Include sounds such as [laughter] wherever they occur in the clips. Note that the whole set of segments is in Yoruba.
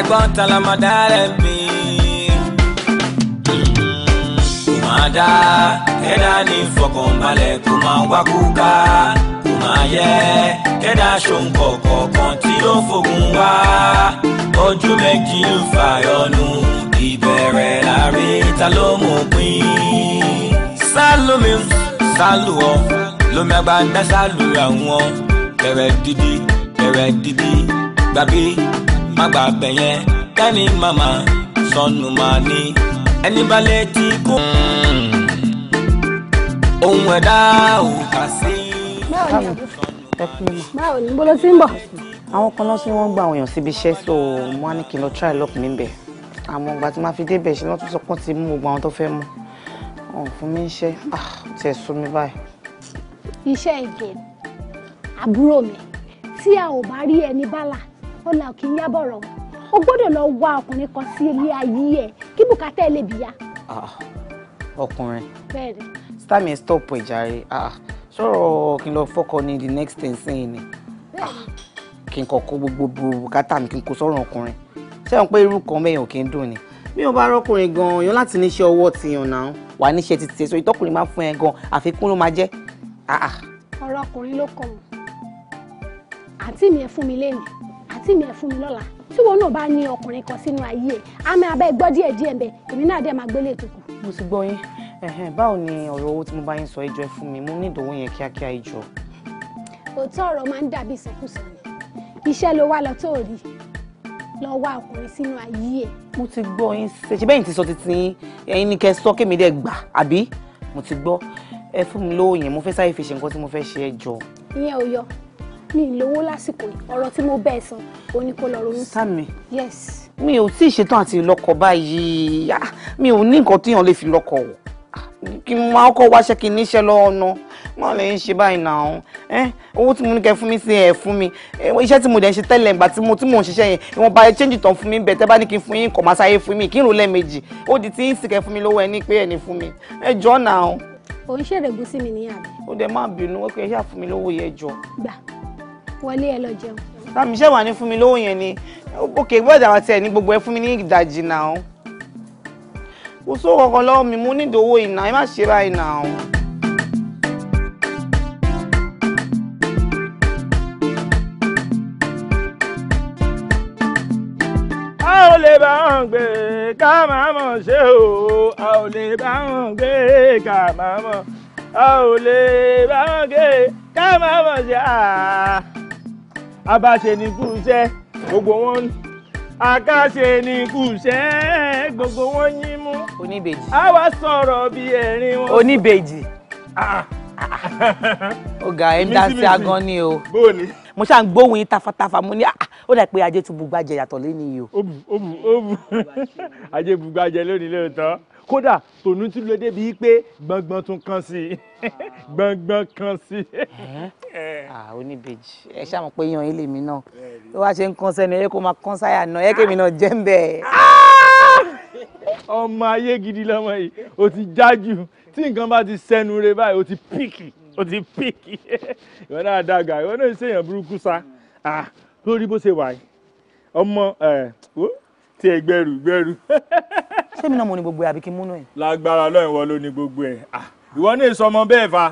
ẹ̀gbọ́n ta la máa dálẹ̀ mi. máa dá kẹ́dá ní fọkànbalẹ̀ kó máa wá kúkà kó máa yẹ kẹ́dá ṣòǹkọ̀ kọ̀ọ̀kan tí ó fògùn wá ojú méjì ń fàyọnu ìbẹ̀rẹ̀ láre ta ló mú pín. sálómi sálù ọ lómi agbada sálù àwọn bẹ̀rẹ̀ dídí bẹ̀rẹ̀ dídí gbàgbé má gbà bẹ̀yẹn kẹ́mi màmá sọnù màá ní ẹni bá lè ti kú. ohun ẹ̀dá ò kà sí. báwo ni bó ló ti ń bọ̀. àwọn kan lọ́sí wọ́n gba àwọn èèyàn síbi iṣẹ́ so mo ní kí n lọ try luck mi bẹ̀ àmọ́ ìgbà tí màá fi débẹ̀ ṣe lọ́tún sọpọ́n ti mú gbogbo àwọn tó fẹ́ mú ọ̀hún fún mi ń ṣe ah, tiẹ̀ sún mi báyìí. iṣẹ́ ìgè àbúrò mi tí a ò bá rí ẹni bá là ó la òkè ń yábọ̀rọ̀ o gbọ́dọ̀ lọ wá ọkùnrin kan sí ilé ayé ẹ̀ kí bùkátà ẹ̀ lè bìyà. Ah, ọkùnrin bẹ́ẹ̀ni. star mi stop ẹ jàre sọ̀rọ̀ ah, kí n lọ fọ́kọ ni the next thing sẹ́yìn ni ah, kí n kọ́ kó gbogbo bùkátà mi kí n kó sọ̀rọ̀ ọkùnrin ṣé wọn pé irú kan mẹ́yàn kì í dùn ni bí wọn bá rọkùnrin gan-an yan láti níṣẹ́ ọwọ́ tiyàn náà wà níṣẹ́ ti tiẹ̀ so ìtọ́kùnrin máa fún ẹ gan àfikún ló máa jẹ́. ọ̀rọ̀ ọkùnrin ló kọ̀ mọ́ àǹtí mi ẹ̀ fún mi lẹ́nu pàtí mi ẹ̀ fún mi lọ́la tí wọn náà bá ní ọkùnrin kan sínú ayé ẹ̀ á máa bẹ́ẹ̀ gbọ́ díẹ̀ díẹ̀ bẹ́ẹ̀ èmi náà dẹ̀ máa gbélé ètò kù. mo ti gbọ́ yín báwo ni ọ̀rọ̀ owó tí mo bá yín sọ ìjọ ẹ fún mi mo ní ìdòwò yẹn kíákíá ìjọ. òótọ́ ọ̀rọ̀ máa ń dàbí ìsọkúsọ ni iṣẹ́ ló wá lọ tó rí lọ wá ọkùnrin sínú ayé ẹ̀. mo ti gbọ́ yín ṣe ṣe bẹ́yìn ti sọ titi yín ẹ̀yin ni kẹ́ sọ kémi dẹ̀ gbà àbí mo ti gbọ́ ẹ fún mi lóòyìn mo fẹ́ sáré fi ṣe nǹkan tí mo fẹ́ ṣe ẹ jọ. ìyẹn ò yọ mi lówó lásìkò ọ̀rọ̀ tí mo bẹ́ẹ̀ san òun ni kò lọ ronú. sami yes. mi ò tí ì ṣetán àti lọ́kọ báyìí ah, mi ò ní nǹkan tíyàn lè fi lọ́kọ o ah, kí n máa kọ́ wáṣẹ́ kí n níṣẹ́ lọ́wọ́ ná má lè ń ṣe báyìí náà ẹ eh, owó tí mo ní kẹ́ fún mi sí ẹ fún mi eh, iṣẹ́ tí mo dẹ̀ ń ṣe tẹ́lẹ̀ ìgbà tí mo tí mò ń ṣiṣẹ́ yẹn ìwọ̀n bá change tán fún mi bẹ̀ tẹ́ bá ní kí n fún yín kọ̀ máa sáyé fún mi kí n rò lẹ́ẹ̀mejì ó di tí ń sì kẹ́ fún mi lọ́wọ́ ẹ ní pé ẹ̀ ní fún mi ẹ jọ́ náà. ò ń ṣèrègùn sí mi níyàwó. ó dẹ̀ má bínú ó kẹ́ ẹ wọlé ẹ lọ jẹun. rámi iṣẹ́ wà ní fún mi lówó yẹn ni òkè gbọ́dọ̀ àwọn tiẹ̀ ní gbogbo ẹ fún mi ní ìdajì náà kò sówó kankan lọ́wọ́ mi mo nídìí owó ẹ má ṣe báyìí náà. o a ò lè bá wọn gbé ká máa mọ̀ ṣe abáṣe ní kú iṣẹ́ gbogbo wọn akáṣe ní kú iṣẹ́ gbogbo wọn yín mú. oníbejì. a wá sọ̀rọ̀ bí ẹ̀rín wọn. oníbejì. Ah. [laughs] ọ̀gá ẹ̀ ń dá sí agan ni o. bó ni mo ṣáà ń gbóhùn yín tafatafa mo ní ah, ó dà pé ajé tún yàtọ̀ lẹ́nu yìí o. ó bù ó bù ó bù [laughs] ajé bugbájẹ lónìí lóòótọ́ kódà tòun tún pé gbọ̀ngbọ̀n tún kàn sí [laughs] gbọ̀ngbọ̀n kàn sí oníbejì eh. ah, ẹ ṣáà mọ̀ pé yan ilé mi náà tó wá ṣe ń kán sẹ́nu ẹ kó máa kán sáyà náà ẹ kémi náà jẹ́ ń bẹ̀. Ah! ọmọ ayé gidi lọmọ yìí o ti jájú tí nǹkan bá ti sẹ́nu rẹ báyìí o ti píkì o ti píkì ìwọ náà dàgbà ìwọ náà ṣèyàn burúkú sa ah, lórí bó ṣe wà yìí ọmọ eh, tí ẹ gbẹrù gbẹrù. ṣé mi náà mo ní gbogbo ẹ àbí kí n múnú ẹ. lágbára lọ́yìn wọ ló ní gbogbo ẹ̀ ìwọ ní ìsọmọ bẹ́ẹ̀ fa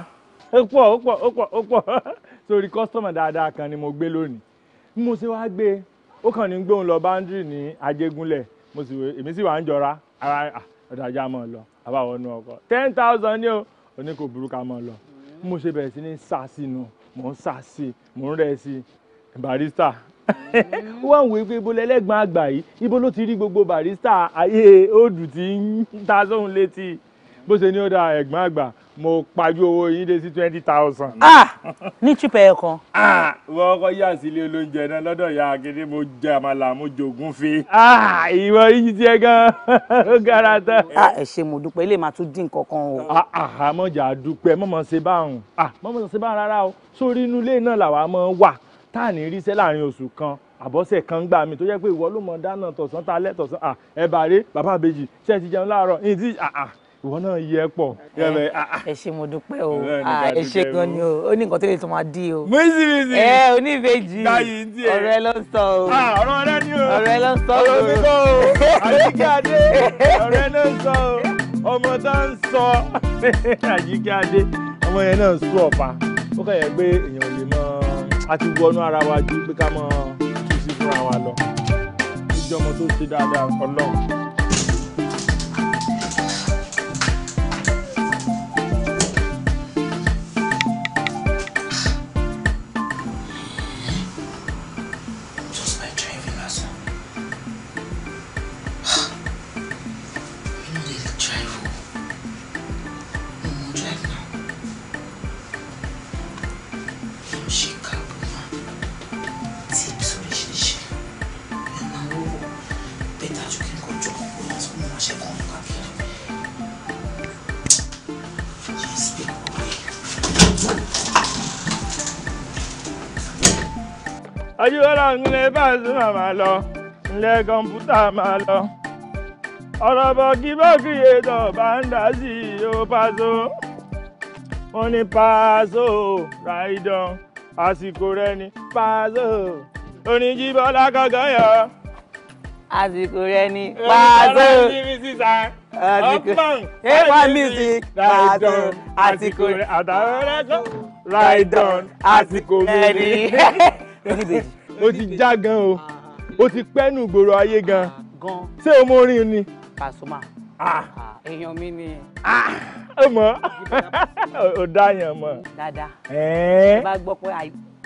ó pọ̀ ó pọ̀ ó pọ̀ ó pọ̀ [laughs] sórí kọ́sítọ́mà dáadáa kan ni mo gbé lónìí bí mo ṣe wá gbé ó kàn ní gbóhùn lọ báńdírì ní ajégúnlẹ̀ mo sì èmi sì wà ń jọra ara ọ̀dàjà mọ̀ lọ àbáwọ̀ nu ọkọ̀ ten thousand ni o oní kò burú ká mọ̀ lọ bí mo ṣe bẹ̀rẹ̀ sí ní sá sínú mò ń sá sí mò ń rẹ̀ sí barista [laughs] ó wà ń wo pé ibo lẹ́lẹ́gbọ̀n àgbà yìí ibo ló ti rí gbogbo barista ayé òdù tí ń ta sóhun létí bó ṣe ní ó da ẹ̀gbọ́n àgbà mo pajú owó yín dé sí twenty thousand. ah ní chipe ẹ̀ ah wọ́n kọ́ yà sí ilé olóúnjẹ náà lọ́dọ̀ ya akéde mo jẹ àmàlà mo jogún fi. ah ìwọ yìí tiẹ̀ gan ó gara tán. a ah, ẹ ṣe mo dúpẹ́ ilé màá tún dín nǹkan kan o. àhà ah, ah, mọ̀jà dúpẹ́ mọ̀mọ́ ṣe báwọn ah mọ̀mọ́ ṣe báwọn rárá o sórí inú ilé náà làwa máa wà tá à ní ríṣẹ́ láàrin oṣù kan àbọ̀sẹ̀ kan gbà mí tó jẹ́ pé ìwọ ló mọ̀ dáná tọ̀sán talẹ́ tọ̀sán ẹ̀ bàrẹ́ bàbá àbèjì ṣe ti jẹun láàárọ̀ ní ti ìwọ náà yẹ pọ̀. Eh, ah, ah. ẹ ṣé mo dúpẹ́ o ah, ẹ ṣé gan ni o ó ní nǹkan tó lè tún máa dí o. méjì méjì ẹ oníbejì ọ̀rọ̀ ẹ ló ń sọ o. ọ̀rọ̀ ẹ ní o ọ̀rọ̀ ẹ ló ń sọ o. ọ̀rọ̀ mi kọ́ o [laughs] àyíkẹ́ adé ọ̀rọ̀ ẹ ló ń sọ o ọmọ tó ń sọ [laughs] àyíkẹ́ adé ọmọ yẹn náà sún ọ̀pá ó kàn pé èèyàn lè mọ àti wọnú ara wa ju pé ká mọ tùsí fúnra wa lọ. ìjọmọ tó ṣe dáadáa ọlọ́run ilé Pasuma máa lọ ilé kọ̀ǹpútà máa lọ ọ̀rọ̀ bọ̀gì bọ́ọ̀gì ètò bàǹdà sí ó Paso ó ní Paso ràìdán àsìkò rẹ ní Paso oníjìbọlá kankan yọ àsìkò rẹ ni Paso àsìkò ẹwà music Paso àsìkò rẹ àtàwọn ẹlẹgbọn ride àsìkò rẹ ni. [laughs] o ti já gan o o ti pẹ́nu gbòòrò ayé gan ṣé o mọ orin ni. Pasuma ah. Ah, èèyàn mi ni. Ah, ó mọ ó dáyàn mọ. dáadáa ẹ bá gbọ́ pé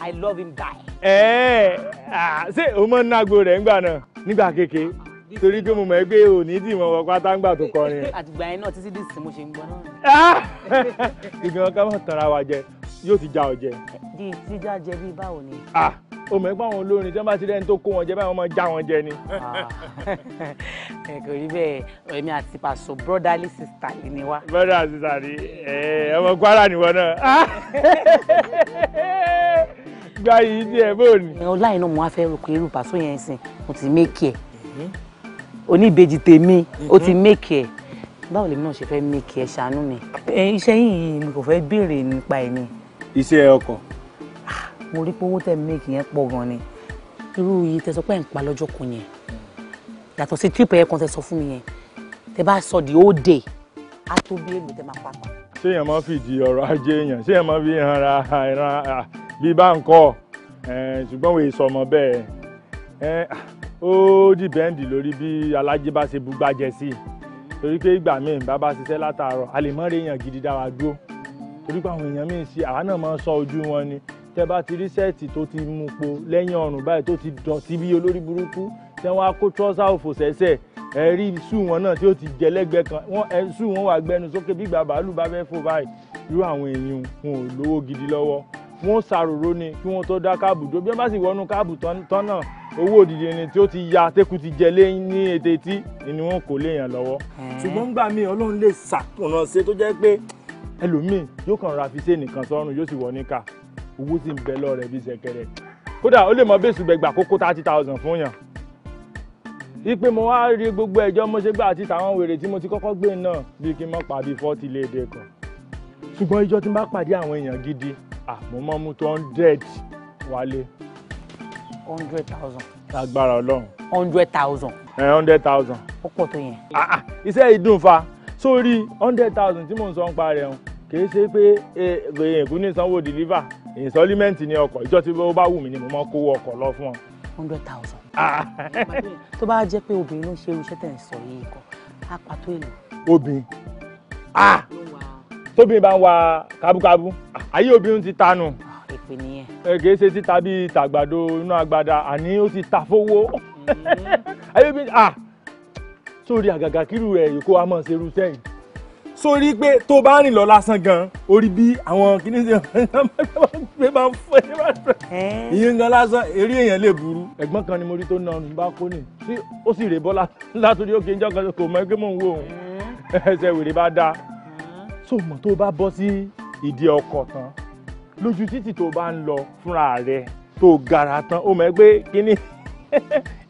i love him die. ẹ ṣé o mọ ńgbà náà nígbà torí pé mo mọ̀ ẹ́ pé o ní tì mọ̀ wọ pátá tó kọrin. àtìgbà yẹn náà títí dì sí mo ṣe ń gbọ́ náà. ìgbìmọ̀ ká tanra wa jẹ yóò ti já ọ jẹ. di jíjá jẹ bí báwo ni. o mọ̀ pé àwọn olórin tí wọ́n bá ti rẹ́ni tó kó wọn jẹ báyìí wọ́n máa já wọn jẹ ni. Ah. [laughs] ẹ kò rí bẹ́ẹ̀ èmi àti pàṣọ brotherly sister yìí ni wá. brother and sister ni ọmọ Kwara nìwọ náà [laughs] gba yìí díẹ̀ bóòlù. ọlá iná mo wá fẹ́ rò pé irú pàṣọ yẹn sìn mo ti mékì ẹ̀ oníbejì tèmi ó ti mékì ẹ̀ báwo lèmi náà ṣe fẹ́ make, ẹ̀ ṣàánú mi. iṣẹ́ yìí mi kò fẹ́ béèrè nípa ẹ̀ ni. iṣẹ́ ọkọ̀ mo rí pé owó tẹ̀ mí kì í yẹn pọ̀ gan ni irú yìí tẹ sọ pé ń pa lọ́jọ́ kan yẹn yàtọ̀ sí trip ẹ̀yẹ kan tẹ sọ fún mi yẹn tẹ bá sọ di ó á tó bí èlò tẹ máa papà. ṣé èèyàn máa fìdí ọrọ̀ ajé èèyàn ṣé èèyàn máa fi hàn ra ìran bí bá ń kọ́ ṣùgbọ́n òye sọmọ bẹ́ẹ̀ ó dìbẹ́ǹdì lórí bí alájẹ bá ṣe bugbájẹ sí i torí pé ìgbà míì bàbá ṣiṣẹ́ látàárọ̀ a lè mọ́ rí èèyàn gidi dára dúró torí pé àwọn èèyàn míì ṣe àwa náà máa ń sọ ojú wọn ni tẹ bá ti rí sẹ́ẹ̀tì tó ti mú po lẹ́yìn ọrùn báyìí tó ti dọ̀tí bí olórí burúkú tẹ wọn á kó trọ́sà òfò sẹ́sẹ̀ ẹ rí sù wọn náà tí ó ti jẹ lẹ́gbẹ̀ẹ́ kan wọn ẹ sù wọn wà gbẹnu sókè bí ìgbà bàálù bá fẹ́ fò báyìí irú àwọn èèyàn wọn ò lówó gidi lọ́wọ́ wọn ṣàròrò ni kí wọn tó dá káàbù dó bí wọn bá sì wọnú káàbù tán owó òdìdí ni tí ó ti ya tẹ́kù ti jẹ lé ní ètè etí ni wọn kò léèyàn lọ́wọ́. ṣùgbọ́n gbà mí ọlọ́run lè ṣàtúnṣe tó jẹ́ pé ẹlòmíì yóò kàn ra fi ṣe nìkan sọ́run yóò sì wọ níkà owó sì ń bẹ lọ́rẹ̀ bíi ṣẹ̀kẹ̀rẹ̀ kódà ó lè mọ bẹ́sù bẹ̀gbà kókó thirty thousand fún yàn ipe mo wá rí gbogbo ẹjọ́ mo ṣe gbà àti tàwọn wèrè tí mo ti kọ́kọ́ gbé náà bíi kí n mọ́ pàdé forty léde kan ṣùgbọ́n ìjọ́ tí bá pàdé àwọn èèyàn gidi àmọ́ mọ́ mú tó hundred wálé. hundred thousand. lágbára ọlọ́run. hundred thousand. ẹ hundred thousand. ó pọ̀ tó yẹn. Ah, ah, iṣẹ́ ìdùn fa sórí hundred thousand tí mò ń sọ ń pa rẹ̀ kìí ṣe pé ègùn e, e, e, ní sanwó deliver installment ní ọkọ̀ ìjọ tí ó bá wù mí ni mo máa kówó ọkọ̀ lọ fún ọ. hundred thousand. Ah. [laughs] tó bá jẹ́ pé obìnrin ló ń ṣe irúṣẹ́ tẹ̀ ń sọ yìí kọ́ á pàtó èlò. obìnrin ah. tóbìnrin bá ń wa kábúkábú ayé obìnrin ti tanu. Ah, èpè nìyẹn. kìí ṣe títa bíi tàgbàdo inú agbada àní ó ti ta fowó. [laughs] ayé obìnrin sórí àgàgà kírù ẹ̀ èkó amọ̀ ṣerú sẹ́yìn sórí pé tó bá rìn lọ lásán gan orí bí àwọn kìíní ṣe pé máa ń fún ẹni máa ń fẹ. ìyẹn gan lásán eré èèyàn lè burú ẹ̀gbọ́n kan ni mo rí tó na ọrùn bá kó nì tí ó sì rè bọ́ látòrí òkè ìjọ kan kò mọ ẹgbẹ́ mò ń wò òun ẹsẹ̀ wèrè bá dáa tó mọ̀ tó bá bọ́ sí ìdí ọkọ̀ tán lójú títì tó bá ń lọ fúnra rẹ̀ tó gara tán ó mọ̀ ẹgbẹ́ kìíní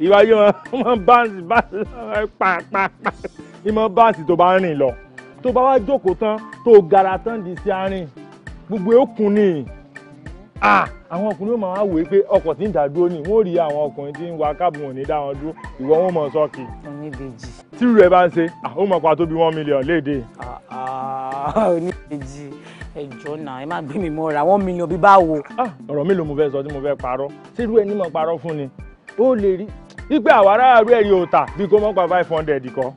ìwáyé wọn máa ń báǹsì báǹsì pa pa pa ìmọ̀ báǹsì tó bá ń rìn lọ tó bá wá jókòó tán tó gara tán di sí àárín gbogbo èkùn ni àwọn ọkùnrin máa wá wòó pé ọkọ̀ tí ń dá dúró ni wọ́n rí àwọn ọkùnrin tí ń wa káàbù wọn dá wọn dúró ìwọ wọn mọ̀ sọ́ọ̀kì. tí rẹ̀ bá ń ṣe ó mọ̀ pa tó bí one million léde. oníbejì ẹjọ́ ẹ má gbé mi mọ́ra one million bí báwo. ọ̀rọ̀ mélòó mo fẹ́ sọ tí mo fẹ́ parọ́ sírú ẹni mọ̀ parọ́ fún ni ó lè rí ipe àwa aráàlú ẹ̀rí òòtà bí kò mọ̀ pa five hundred kọ́.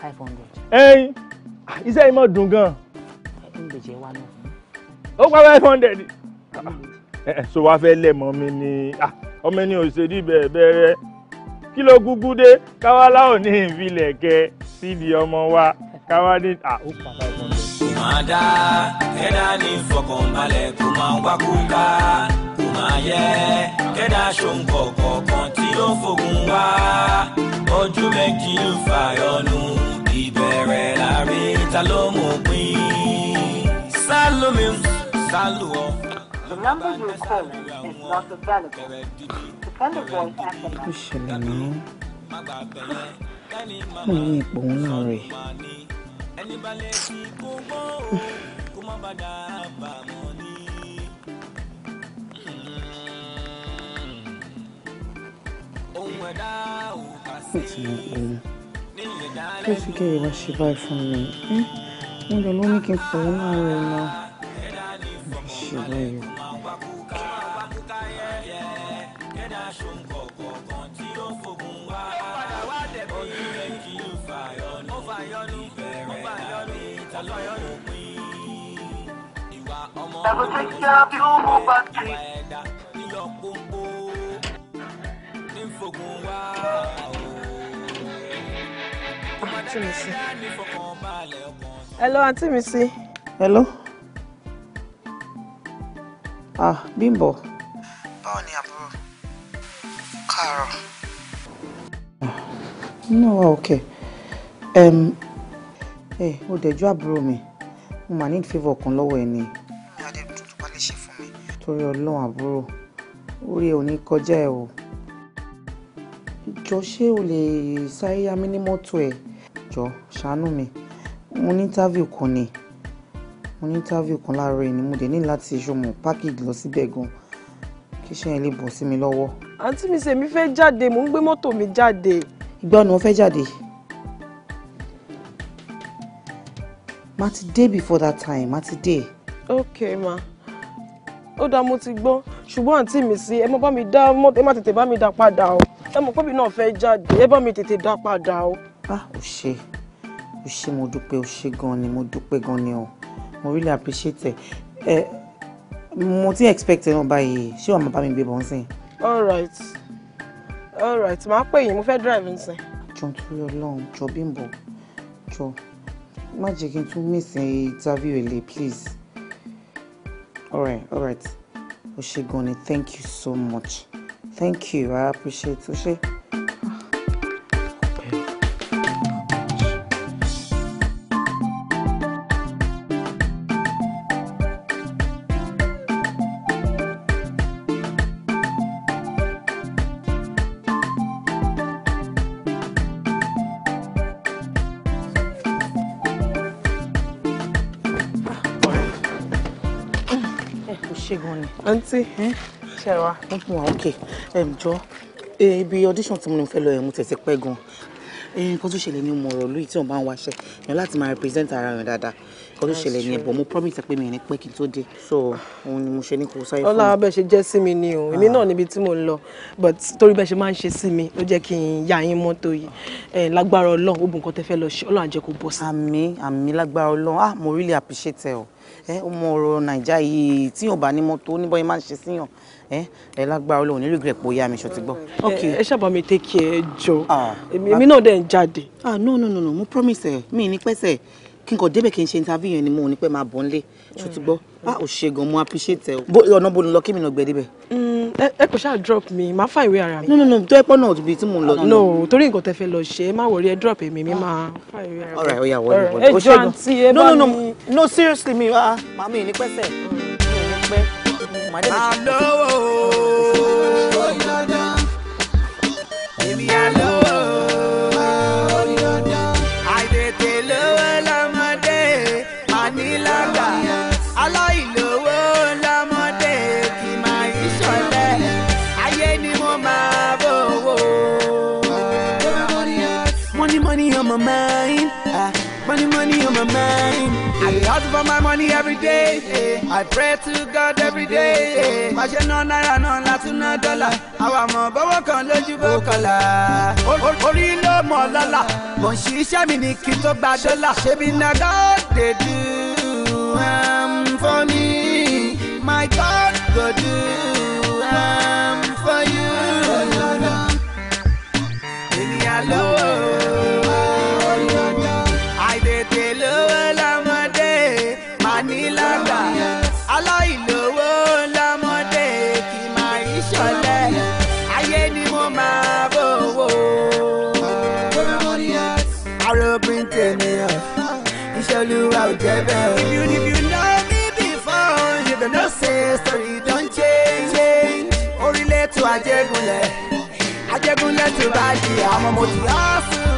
five hundred. ẹyin Ah, iṣẹ́ yìí mọ̀ dùn gan. ó pa five hundred. Eh, eh, so wàá fẹ́ lẹ́mọ̀ mi ni ah, ọmọ ẹni ò ṣe níbẹ̀ bẹ̀rẹ̀ kí ló gúgú dé káwá láwọn ní ìfilẹ̀ kẹ sídìí ọmọ wa káwá ní. Ah, ó pa five hundred mada kẹ́dá ní fọkànbalẹ̀ kó máa wá kúkà kó máa yẹ kẹ́dá ṣòǹkọ̀ kọ̀ọ̀kan tí ó fògùn wá ojú méjì ń fàyọnu ìbẹ̀rẹ̀ láàrin ta ló mú pín sálómi sálùwọ̀. The number you are calling is not available. Send a voice after that kí sì kẹ́ ìwà ṣe báyìí fún mi wọ́n jọ ló ní kí n fòun náà rẹ̀ lọ ṣe I will take care of you, move hello àǹtí Missy. hello. ah bimbo. báwo ni àbúrò káàárọ̀. inú wa òkè ẹ ó dẹjọ́ àbúrò mi mo mà ní favour kan lọ́wọ́ ẹ ni. mi ò dé tuntun wá lè ṣe fún mi. torí ọlọ́run àbúrò orí ẹ ò ní kọjá ẹ o jọ ṣé o lè sáré yá mi ní mọ́tò ẹ̀ jọ ṣàánú mi mo ní interview kan ni mo ní interview kan láàárọ̀ yìí ni mo dẹ̀ ní láti ṣọmọ package lọ síbẹ̀ gan kí iṣẹ́ yẹn lè bọ̀ sí mi lọ́wọ́. àǹtí mi ṣèmi fẹ́ jáde mò ń gbé mọ́tò mi jáde. ìgbà ọ̀nà fẹ́ jáde. má ti dé before that time má ti dé. ok ma ó dáa mo ti gbọ́ ṣùgbọ́n àǹtí mi sí ẹ mọ bá mi dá mọ́tò ẹ má tètè bá mi dá padà o ẹ mọ̀ pé mi náà fẹ́ jáde ẹ bá mi tètè dá padà o ah o ṣe o ṣe mo dúpẹ́ o ṣe gan ni mo dúpẹ́ gan ni o mo really appreciate ẹ ẹ mo ti expect ẹ náà báyìí ṣé wàá máa bá mi gbé bọ̀ ń sìn. all right all right màá pè yín mo fẹ́ drive ń sìn. jọ nítorí Ọlọ́run jọ Bímbọ́ jọ má jẹ́ kí n tún miss interview èlé please all right all right o ṣe gan ni thank you so much thank you i appreciate o ṣe. àǹtí ṣẹ̀wá wọ́n fún wa òkè ẹ̀mjọ́ ibi audition tí mo ní fẹ́ lọ ẹ̀ mo tẹ̀sí pẹ́ gan nǹkan tó ṣẹlẹ̀ ní mo rọ̀ lóyìí tí wọ́n bá ń waṣẹ́ yẹn láti máa represent ara rẹ̀ dáadáa nǹkan tó ṣẹlẹ̀ ní ẹ̀bọ̀ mo promise pé mi ní pẹ́ kí n tó dé so òun ni mo ṣe ní kò sáyé fún mi. ọlá bẹ́ẹ̀ ṣe jẹ́ sí mi ni o èmi ah. náà níbi tí mo ń lọ but torí bẹ́ẹ̀ ṣe máa ń ṣe sí mi ló jẹ́ kí n ya yín mọ́tò yìí lágbára ọlọ́run ó bùn nǹkan tẹ́ fẹ́ lọ ṣe ọlọ́run àjẹkù bọ̀ sí. àmì àmì lágbára ọlọ́run ah mo really appreciate ẹ o ẹ eh, ọmọ ọ̀rọ̀ nàìjà yìí tí yóò bá ní mọ́tò oníbọ̀ yẹn máa ń ṣe síyàn eh, ẹ lágbára Ọlọ́run nílùú ìgbẹ́ pò mi ṣó ti eh, ẹ ṣàbà mi take care jọ ah, èmi náà dẹ̀ ń jáde. ah no no no no mo promise ẹ mi ní pẹ́sẹ̀ kí n kò débẹ̀ kí n ṣe interview yẹn ni mo ní pẹ́ máa bọ̀ nílé ṣó ti a ò ṣe gan mo appreciate ẹ o bo lọ kí mi nà gbẹ débẹ̀. Mm, ẹ kò ṣáà drop mi màá fà ìwé ara mi. no no no tó ẹ pọ́n náà ibi tí mo ń lọ. no torí nǹkan tẹ fẹ́ lọ ṣe ẹ má wọrí ẹ drop èmi mi máa fà ìwé ara mi. ọ̀rẹ́ ọ̀yà wọlé wọlé o ṣe gan no no no no seriously mi ah màmí mi ní pẹ́ màdébẹ̀ ṣe. I pray to God every day. Pàṣẹ náà náírà náà látún náà dọ́là. Àwa mọ̀ bọ́wọ́ kan lójú bó kọlà. Orí ló mọ̀ lọ́la. Mò ń ṣiṣẹ́ mi ní kí n tó gba dọ́là. Ṣebí na God dey do am for me. My God go do. ti báyìí àmọ́ mo ti há sùn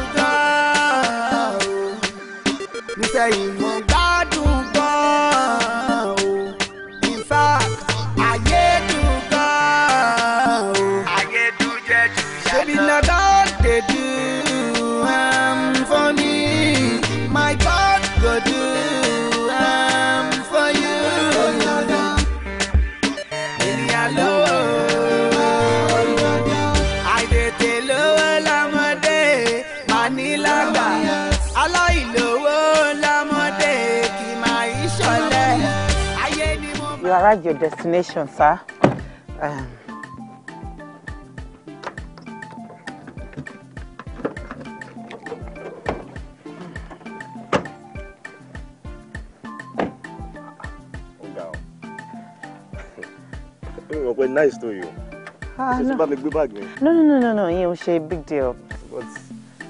tán destination, sir. Um, were [laughs] nice to you. Ah, no. bá mi gbé no no no no no ìyẹn ò ṣe big deal. but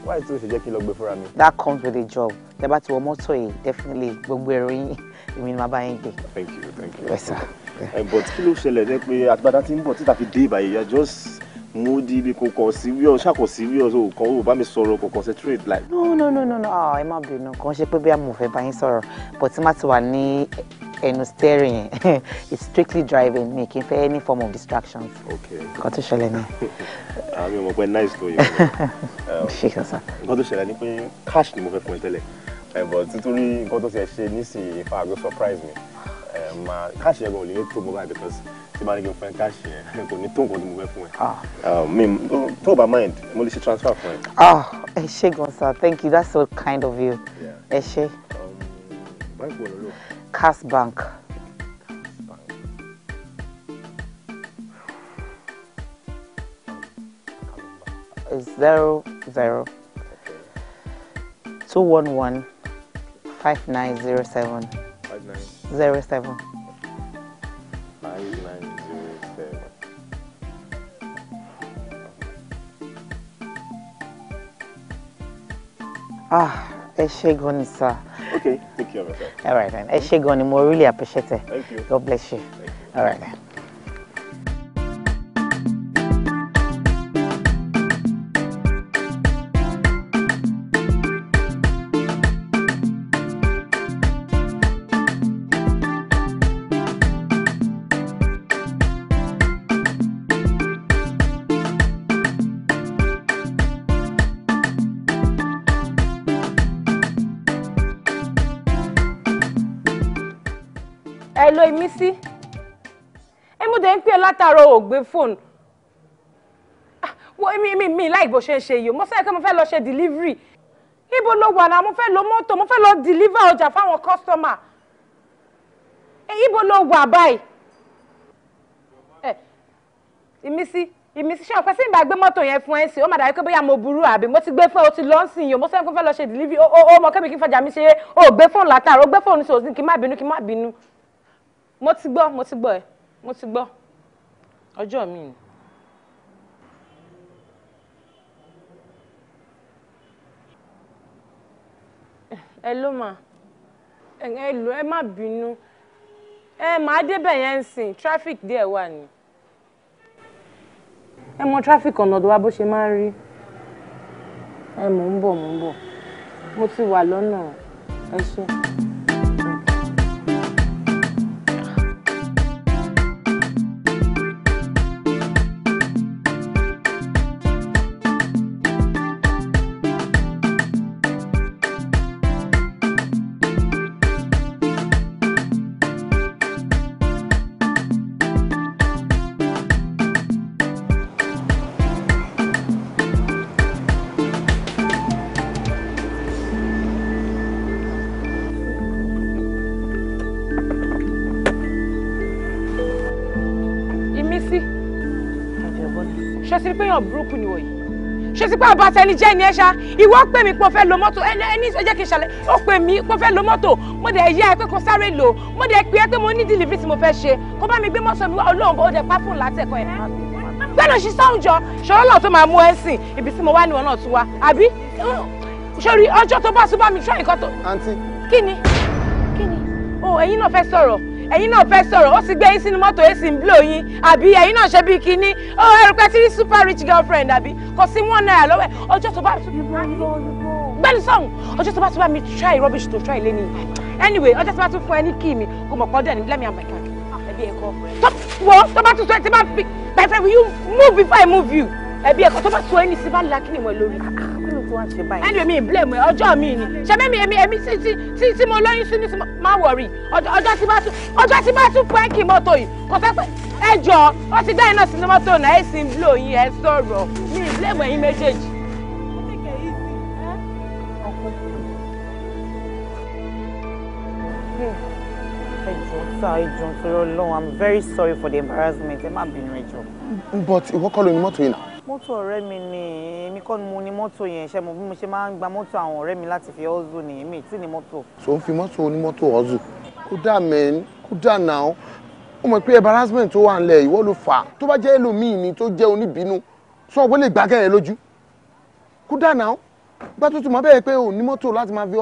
why tí o ṣe jẹ́ kí n lọ that comes with a job tẹ bá ti wọ mọ́tò definitely gbogbo ẹ̀rọ yín [laughs] èmi ni màá bá yín thank you thank you. yes sir. Eh, but kí ló ṣẹlẹ̀ jẹ́ pé àtibáda ti ń bọ̀ títa fi dé ìbàyè ya just mo di kò kàn serious ṣàkò serious o kàn o bá mi sọ̀rọ̀ kò concentrate like. no no no no no ah, ẹ má bínú kàn ṣe pé bí a mọ̀ fẹ́ bá yín sọ̀rọ̀ but tí má ti wà ní ẹnu steering [laughs] it's strictly driving mi kì í fẹ́ any form of distractions. nǹkan tó ṣẹlẹ̀ ni. àmì [laughs] ah, ọmọ pé nice to you. [laughs] Um, nǹkan tó ṣẹlẹ̀ ni pé cash ni mo fẹ́ fún ẹ tẹ́lẹ̀ eh, but nítorí nǹkan tó ṣe ṣe nísìnyí ìfà àgbẹ̀ surprise me máa káàṣì ẹ̀gbọ́n ò lè ní tó mo báyìí because tí bá ní kí n fún ẹ káàṣì ẹ [laughs] kò ní tó nǹkan tí mo fẹ́ fún ẹ. Ah. Ah, mi tó o bá mind mo lè ṣe transfer fún ẹ. ah ẹ ṣé gan sir thank you that's so kind of you ẹ ṣé. báńkì wo ló lò. Cash Bank. It's zero zero two one one five nine zero seven zero seven. nine nine zero seven. ah ẹ ṣé gan sir. okay take care of yourself. all right then ẹ ṣé gan ni really appreciate it. thank you. god bless you. you. all right then. ò gbé fóònù ah, wo mi mi mi láì bó ṣe ń ṣe yìí mo fẹ́ kí mo fẹ́ lọ ṣe delivery ibo ló wà náà mo fẹ́ lo mọ́tò mo fẹ́ lọ deliver ọjà fáwọn kọ́sítọ́mà e, ibo ló wà báyìí eh, ìmísí ìmísí ṣé ọ̀pẹ́ sí ìgbà gbé mọ́tò yẹn fún ẹ sí ó mà dàbí pé bóyá mo burú àbí mo ti gbé fún ẹ ó ti lọ́ sí yìí mo sẹ́yìn pé fẹ́ lọ ṣe delivery ó ó mọ kẹ́mi kí fọjà mi ṣe é gbé fóònù látàrí ó gbé fóònù sí òsì kí má bínú kí má bínú mo ti gbọ́ mo ti gbọ́ ẹ mo ti gbọ́ ọjọ́ mi ni. ẹ ló mà ẹ lò ẹ má bínú ẹ máa débẹ̀ yẹn ń sìn traffic díẹ̀ wà ní. ẹ mọ traffic ọ̀nà ọ̀dọ̀ wa bó ṣe máa ń rí ẹ mò ń bọ̀ mò ń bọ̀ mo ti wà lọ́nà ẹ ṣé. ṣe sí pé àbáṣẹ ni jẹ́ ni ẹ ṣá ìwọ pè mí pé o fẹ́ lo mọ́tò ẹni ṣe jẹ́ kí n ṣàlẹ̀ ó pè mí pé o fẹ́ lo mọ́tò mo dẹ̀ yá ẹ pé kó sáré lò mo dẹ̀ pè é pé mo ní delivery tí mo fẹ́ ṣe kó bá mi gbé mọ́tò mi wá olóhùn ó dẹ̀ pa fún látẹ̀kọ́ ẹ̀. gbẹ́nà ṣí sáwùjọ ṣọlọ́ lọ tó máa mú ẹ sìn ibi tí mo wá níwọ̀n náà tún wá àbí sórí ọjọ́ tó bá tún bá mi try nǹkan tó. àǹtí. kí ni kí ni o ẹ̀yin náà fẹ́ sọ̀rọ̀ ẹ̀yin náà fẹ́ sọ̀rọ̀ ó sì gbé yín sínú mọ́tò èsì ń blow yín àbí ẹ̀yin náà ṣe bíi kínní ó ẹrù pé tí super rich girlfriend àbí kò sí one naira lọ́wọ́ ẹ̀ ọjọ́ tó bá gbẹ́ni sọ̀hún ọjọ́ tó bá tó bá mi try rubbish to try lẹ́nu yìí anyway ọjọ́ tó bá tún fún ẹ ní kí mi kò mọ̀ pọ́ndẹ̀ ní lẹ́mìí àmàkà ẹbí ẹ̀kọ́ wọ́ tó bá tún sọ ẹ ti bá my friend will you move before I move you ẹbí ẹ̀kọ́ tó bá tún ẹ ní sí bá lakí ni mo lórí wá ṣe báyìí. ẹni mi blame ọjọ́ mi ni ṣe mẹ́mi èmi èmi tí tí tí tí mo lóyún sí ní tí má wọ̀rì ọjọ́ tí bá tún ọjọ́ tí bá tún pẹ́ǹkì mọ́tò yìí kò sọ pé ẹ jọ ó ti dáhìn náà sínú mọ́tò náà ẹ sì ń blow yín ẹ sọ̀rọ̀ mi ì blame ẹ̀yin méjèèjì. ẹ jọ sá ẹ jọ sọ̀rọ̀ lọ́wọ́ very sorry for the embarrassment ẹ má bínú ẹ but ìwọ kọ́ ló mọ́tò yìí náà mọ́tò ọ̀rẹ́ mi ni èmi kọ́ ni mo ní mọ́tò yẹn ṣe mo bí mo ṣe máa ń gba mọ́tò àwọn ọ̀rẹ́ mi láti fi ọ́zù ni èmi tí ni mọ́tò. so ń fi mọ́tò onímọ́tò ọ́zù kódà mẹ́rin kódà náà ó mọ̀ pé embarrassment tó wà nílẹ̀ ìwọ ló fà á tó bá jẹ́ ẹlòmíì ni tó jẹ́ oníbínú sọ wọ́n lè gbàgẹ́ yẹn lójú kódà náà gbá tó tún mọ́ bẹ́ẹ̀ pé ò láti máa fi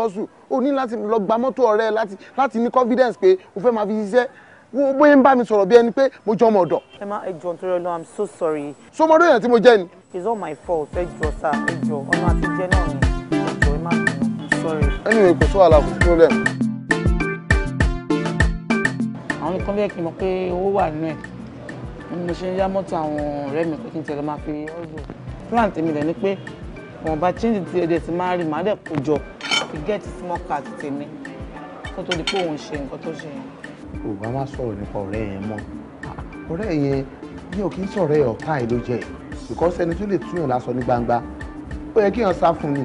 ọ́zù wo bóyá bá mi sọ̀rọ̀ bí ẹni pé mo jọ ọmọ ọ̀dọ̀. ẹ má ẹ jọ nítorí Ọlọ́run i'm so sorry. sọmọdé yẹn tí mo jẹ ni. it's all my fault ẹ jọ sá ẹ jọ ọmọ àti jẹ náà ni ẹ jọ ẹ má i'm sorry. ẹni ìwé kò sọ àlà kò sí àwọn nǹkan bẹ́ẹ̀ kì í mọ̀ pé owó wà nínú ẹ̀ mo ṣe ń yá mọ́tò àwọn ọ̀rẹ́ mi pé kí n tẹ̀lé máa fi ọ̀dọ̀ plan tèmi dẹ̀ ni pé wọn bá change ti ẹ̀dẹ̀ ti máa rí màá dẹ̀ kó jọ get small card tèmi kó tó di pé òun ṣe nǹkan tó ṣe yẹn ò bá má sọ̀rọ̀ nípa ọ̀rẹ́ yẹn mọ́ ọ̀rẹ́ yẹn mi ò kí ń sọ̀rọ̀ ẹ̀ ọ̀tá ẹ̀ ló jẹ́ because ẹni tó lè túyàn lásán ní gbangba ó yẹ kí yàn sá fún ni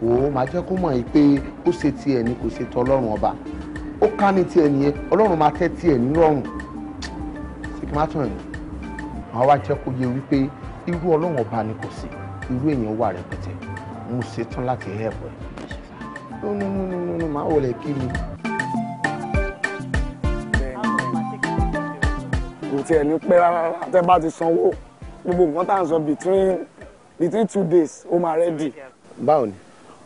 kò máa jẹ́ kó mọ̀ yìí pé ó ṣe tiẹ̀ ni kò ṣe tọ́ ọlọ́run ọba ó ká ní tiẹ̀ nìyẹn ọlọ́run máa tẹ́ tiẹ̀ ní rọrùn ṣé kí má tàn yín àwọn wá jẹ́ kó yẹ wípé irú ọlọ́run ọba ni kò sí irú èèyàn wà rẹpẹtẹ mo ṣetán láti help ẹ no no no no no máa wọlé kí mi. kò tiẹ̀ ní pẹ́ rárá tẹ́ bá ti sanwó gbogbo nǹkan tá à ń sọ between between two days ó máa ready. báwo ni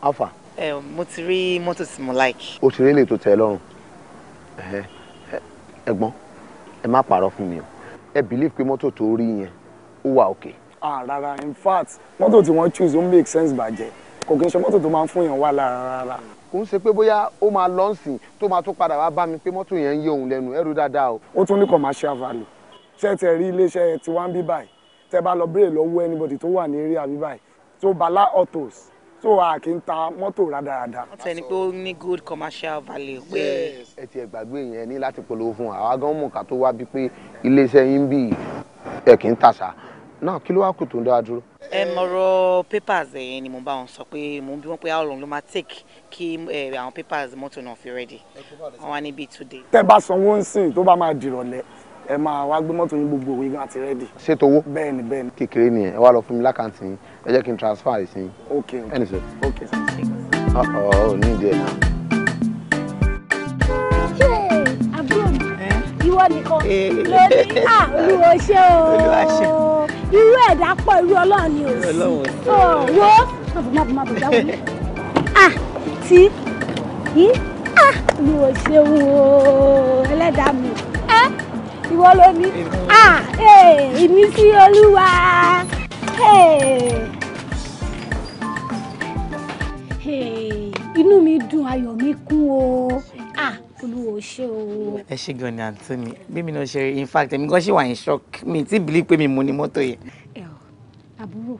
alpha. Eh, ẹ mo ti rí mọ́tò tí mo like. o ti rí ilé tó tẹ́ ẹ lọ́rùn ẹ̀gbọ́n ẹ má pààrọ̀ fún mi o ẹ believe pé mọ́tò tó rí yẹn ó wà òkè. ah rárá in fact mọ́tò tí wọ́n choose ó make sense bàjẹ́ kò kí n ṣe mọ́tò tó máa ń fún yẹn wà lára rárá. kò ń ṣe pé bóyá ó máa lọ́ọ̀sì tó máa tún padà wá bá mi pé mọ́tò yẹn ń yé òun lẹ́nu ẹrú dáadáa o. ó tún ní commercial value ṣẹ́ẹ̀tẹ̀ rí iléeṣẹ́ tí wọ́n ń bí báyìí tẹ́ bá lọ béèrè lọ́wọ́ anybody tó wà ní eré àbí báyìí so Bala Autos so a kì í ta mọ́tò rádaràda. wọ́n tẹ̀ ní pé ó ní good commercial value pé. ẹ ti ẹ̀ gbàgbé yẹn ní láti polówó fún wa àwa gan mọ̀ ká tó wá bíi pé iléeṣẹ́ yín bì ẹ kì í tàṣà náà kí ló wá kù tó ń dá dúró. ẹ mọ̀rọ̀ papers ẹ̀yẹn ni mo bá wọn sọ pé mo ń bí wọn pé how long ló máa take kí àwọn papers mọ́tò náà fi ready wọn wá ní bíi two days. tẹ́ bá sanwó ń sìn tó bá máa dìrọ̀lẹ́ ẹ máa wá gbé mọ́tò yín gbogbo òwe gan àti rẹ́dì. ṣètò owó bẹ́ẹ̀ ni ni. kékeré ni ẹ wá lọ fún mi lákàntì yín ẹ jẹ́ kí n transfer ẹ̀ sí yín. ok ẹnì sọ. ok sọ. ọ̀ ọ̀ ní ìdí ẹ̀ náà. ṣé àbúrò ìwọ nìkan lórí àlùwọ̀ ṣe o irú ẹ̀dá pọ̀ irú ọlọ́run ni o sí wo àti yí àlùwọ̀ ṣe o ẹlẹ́dàá mi ìwọ ló ní ìmísí eh, olúwa eh. Eh, inú mi dùn ayọ̀ mi kún o olúwo ṣé o. ẹ ṣe gan ni àǹtí mi bí mi náà ṣe rí in fact èmi gan ṣì wà in shock mi tí bìlí pé mi mú ni mọ́tò yẹn. àbúrò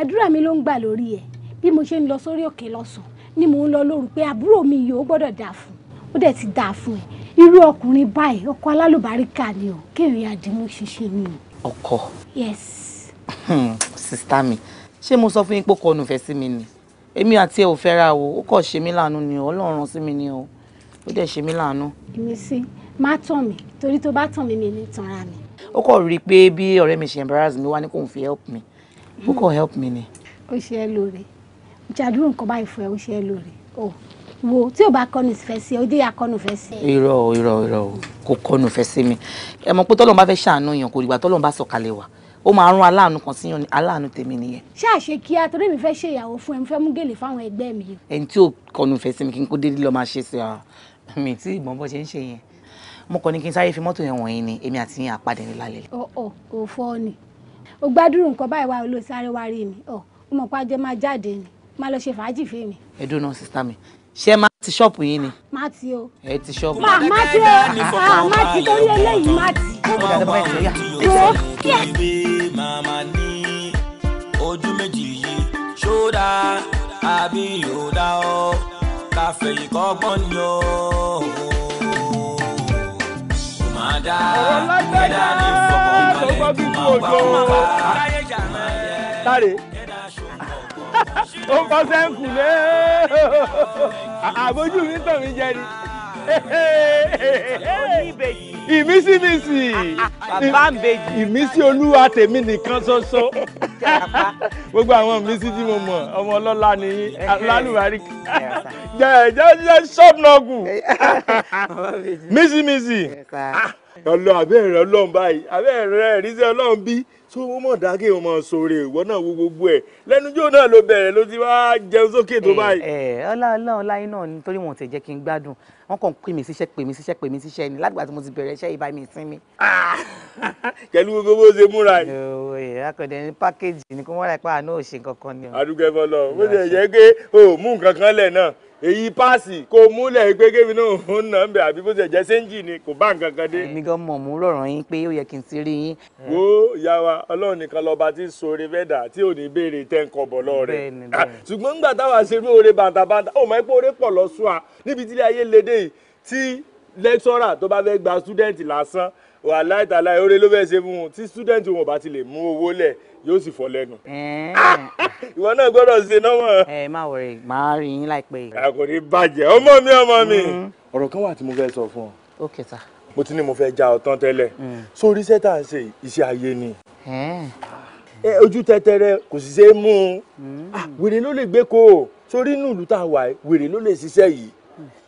àdúrà mi ló ń gbà lórí ẹ bí mo ṣe ń lọ sórí òkè lọ́sàn-án ni mò ń lọ lóru pé àbúrò mi yìí ó gbọ́dọ̀ dáa fún ó dẹ̀ ti dáa fún ẹ irú ọkùnrin báyìí ọkọ alálùbáríkà ni o kéwì àdìmú ṣiṣẹ́ ni o. ọkọ. yes. Hmm, sista mi ṣé mo sọ fún yín pé kò ọ̀nùfẹ́ sí mi ni èmi àti ẹ ò fẹ́ra o ó kàn ṣe mí láàánú ni o ọlọ́run sí mi ni o ó dẹ̀ ṣe mí láàánú. èmi sí má tàn mí torí tó bá tàn mí mi ní tanra mi. ó kàn rí i pé bí ọ̀rẹ́ mi ṣe embarrass mi wá ní kóun fi help me ó kàn help me ni. ó ṣe é lóore jàdúrà nǹkan báyìí fún ẹ ó ṣe é lóore oh wo tí o bá kọnu fẹ́ sí ojú ya kọnu fẹ́ sí. irọ́ irọ́ irọ́ kò kọnu fẹ́ sí mi ẹ mọ̀ pé tọ́lọ́run bá fẹ́ ṣàánú yàn kò dìgbà tọ́lọ́run bá sọ̀kalẹ̀ wá ó máa rún aláàánú kan síyàn ní aláàánú tèmi nìyẹn. ṣé àṣe kí a torí mi fẹ́ ṣe ìyàwó fún ẹ mo fẹ́ mú gèlè fáwọn ẹgbẹ́ mi. ẹni tí ò kọnu fẹ́ sí mi kí n kó dédé lọ máa ṣe sí ọ ah, mi tí ìmọ̀ bọ́ ṣe ń ṣe yẹn mo kàn ní kí n sáré fi mọ́tò yẹn wọ̀nyí ni èmi àti yín àpàdé ní lálẹ́. ọ̀ọ̀ kò fọ́ ni o gbádùn nǹkan báyìí wá olóòsáré wá rí mi ọ̀ mo mọ̀ pé ajẹ́ máa jáde ni máa lọ ṣe fàájì fèmí. ẹ dúró náà sísá mi ṣé má ti ṣọ́ọ̀pù yín ni. má ti o. ẹ ti ṣọ́ọ̀pù. má má ti o má ti torí eléyìí má ti. ọmọ ọmọ yìí ó yẹ. màmá ní ojú méjì yìí ṣódà àbí yòódà ọ káfẹ̀yìn kọ́gbọ́n ni ó mada ẹ̀dá ní fọkànbalẹ̀ máa bá wọn bá ó kọ́ sẹ́ńkù lé àbójú mi tàn mí jẹ ni. ìmísímísì ìmísí olúwa tèmi nìkan ṣoṣo gbogbo àwọn ìmísí tí mo mọ̀ ọmọ ọlọ́lá ni lálùbárí jẹ jẹ jẹ ṣọ́ọ̀bù náà kù mísímísì ah, ọlọ àbẹ́rẹ́ ọlọ́run báyìí àbẹ́rẹ́ tó o mọ̀ dákẹ́ o mọ̀ sóore ìwọ náà wo gbogbo ẹ̀ lẹ́nujọ́ náà ló bẹ̀rẹ̀ ló ti wá jẹun sókè tó eh, báyìí. ẹ eh, ẹ ọlá Ọlọ́run láyé náà nítorí wọn ò tẹ jẹ́ kí n gbádùn wọn kàn pè mí síṣẹ́ pè mí síṣẹ́ pè mí síṣẹ́ ni látìgbà tí mo ti bẹ̀rẹ̀ iṣẹ́ ìbá mi sinmi. pẹ̀lú ah! [laughs] gbogbo bó ṣe múra yìí. ẹ akọ̀dẹ̀ ní pákéjì ni kó wọ́n rà pé àánú ò ṣe kankan ni. àdúgbò ẹ̀fọ́ lọ bó ṣe jẹ́ pé o mú nǹkan kan lẹ̀ náà èyí páàsì kò múlẹ̀ pé kébì náà ò ń nà ń bẹ̀ àbí bó ṣe jẹ́ sẹ́ńjì ni kò bá nǹkan kan dé. èmi gan mọ̀ mú lọ́rọ̀ yín pé ó yẹ kí n ti rí yín. wo ìyá wa ọlọ́run nìkan lọ́ba tí sori fẹ́dà tí ò ní béèrè tẹ́ǹkọ̀ bọ̀ lọ rẹ̀ ah, ṣùgbọ́n nígbà táwa ṣe rí oore bàǹtàbàǹtà ó mọ̀ pé oore pọ̀ lọ́sùn à níbi tí ayé lédè tí lẹ́kṣọ́rà tó bá fẹ́ gba wàláì tàláì oore ló fẹ́ẹ́ ṣe fún un tí student wọn bá ti lè mú owó lẹ̀ yóò sì fọ́ lẹ́nu. ìwọ náà gbọ́dọ̀ ṣe nọ́mọ̀. ẹ má wọrẹ màá rí yín láìpẹ́. a kò ní bàjẹ́ ọmọ mi ọmọ mi. Mm-hmm. ọ̀rọ̀ kan wà tí mo fẹ́ sọ fún ọ. ó kẹta. mo ti ní mo fẹ́ ja ọ̀tán tẹ́lẹ̀ sórí sẹ́tà ń ṣe iṣẹ́ ayé ni ojú tẹtẹrẹ kò sì ṣe é mú un mm. ah, wèrè ló lè gbé kó o sórí inú ìlú tá a wà wèrè ló lè ṣiṣẹ́ yìí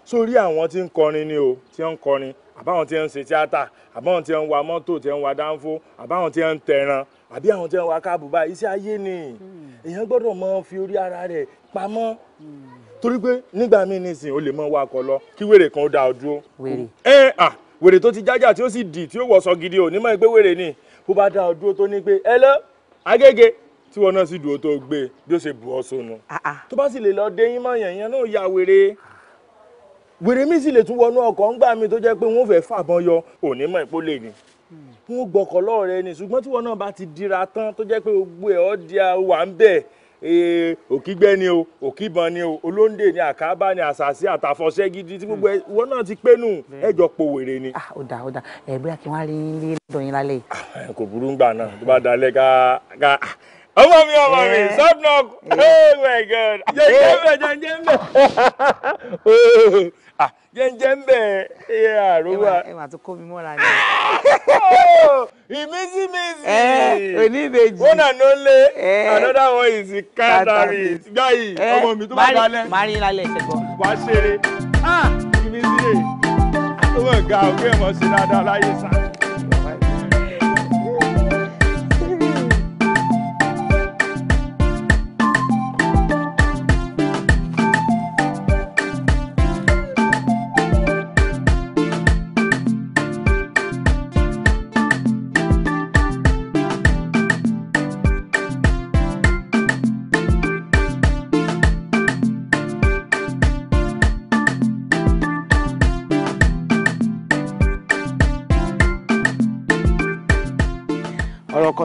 sórí mm. àwọn tí ń kọrin ni o tí wọ́n ń kọrin àbáwọn tí ń ṣe tíátà àbáwọn tí ń wa mọ́tò tí ń wa dánfó àbáwọn tí ń tẹran àbí àwọn tí ń wa káàbù báyìí iṣẹ́ ayé ni hmm. èèyàn gbọ́dọ̀ mọ fi orí ara rẹ̀ pamọ́ torí pé nígbà míì nísìn o lè mọ wakọ̀ lọ kí wèrè kan ó dá ọ dúró. wèrè ẹ à wèrè tó ti jájà tí ó sì dì tí ó wọṣọ gidi ò ní mọ̀ pé wèrè ni bó bá dá ọ dúró tó ní pé ẹ lọ agége tí wọn náà sì dúró tó gbé bí ó ṣe bù ọ sónù ah, ah. tó bá sì lè lọ dé yín mọ̀ yẹn náà yà wèrè wèrè mi sì lè tún wọnú ọkọ̀ ńgbà mi tó jẹ́ pé wọ́n fẹ́ fàbọn yọ onímọ̀ ìpólè ni wọ́n gbọ́kọ̀ lọ́ọ̀ rẹ ni ṣùgbọ́n tí wọ́n náà bá ti dira tán tó jẹ́ pé gbogbo ẹ̀ ọ́ di wà ń bẹ̀ e, òkígbẹ́ ni o òkíbọn ni o olóńdè ni àkábá ni àṣàṣì àtàfọ̀ṣẹ́ gidi tí gbogbo ẹ̀ wọ́n náà ti pé nù ẹ̀jọ̀ po wèrè ni. Ah, ó dà ó dà ẹ bóyá kí wọ́n á rí ilé lọ́dọ̀ yín lálẹ́ yìí. Ah, kò burú ńgbà náà tó bá dalẹ̀ ká ká ah, ọmọ mi ọmọ mi eh. subnok eh. oh my god jẹ́ jẹ́ mbẹ́ [laughs] Ah, jẹ́njẹ́ ń bẹ̀ ẹ àrùwà. ẹ wà tó kó mi mọ́ra ni. [laughs] Oh, ìmísí mísí. ẹ oníbejì. one and only another one is the kadari gbáyì ọmọ mi tó bá dalẹ̀. Mari, rí lálẹ́ ìṣẹ̀gbọ́. wàá ṣeré ìmísí rè ó mọ̀ ga òkú ẹ̀ mọ̀ sí dáadáa láyé sáà.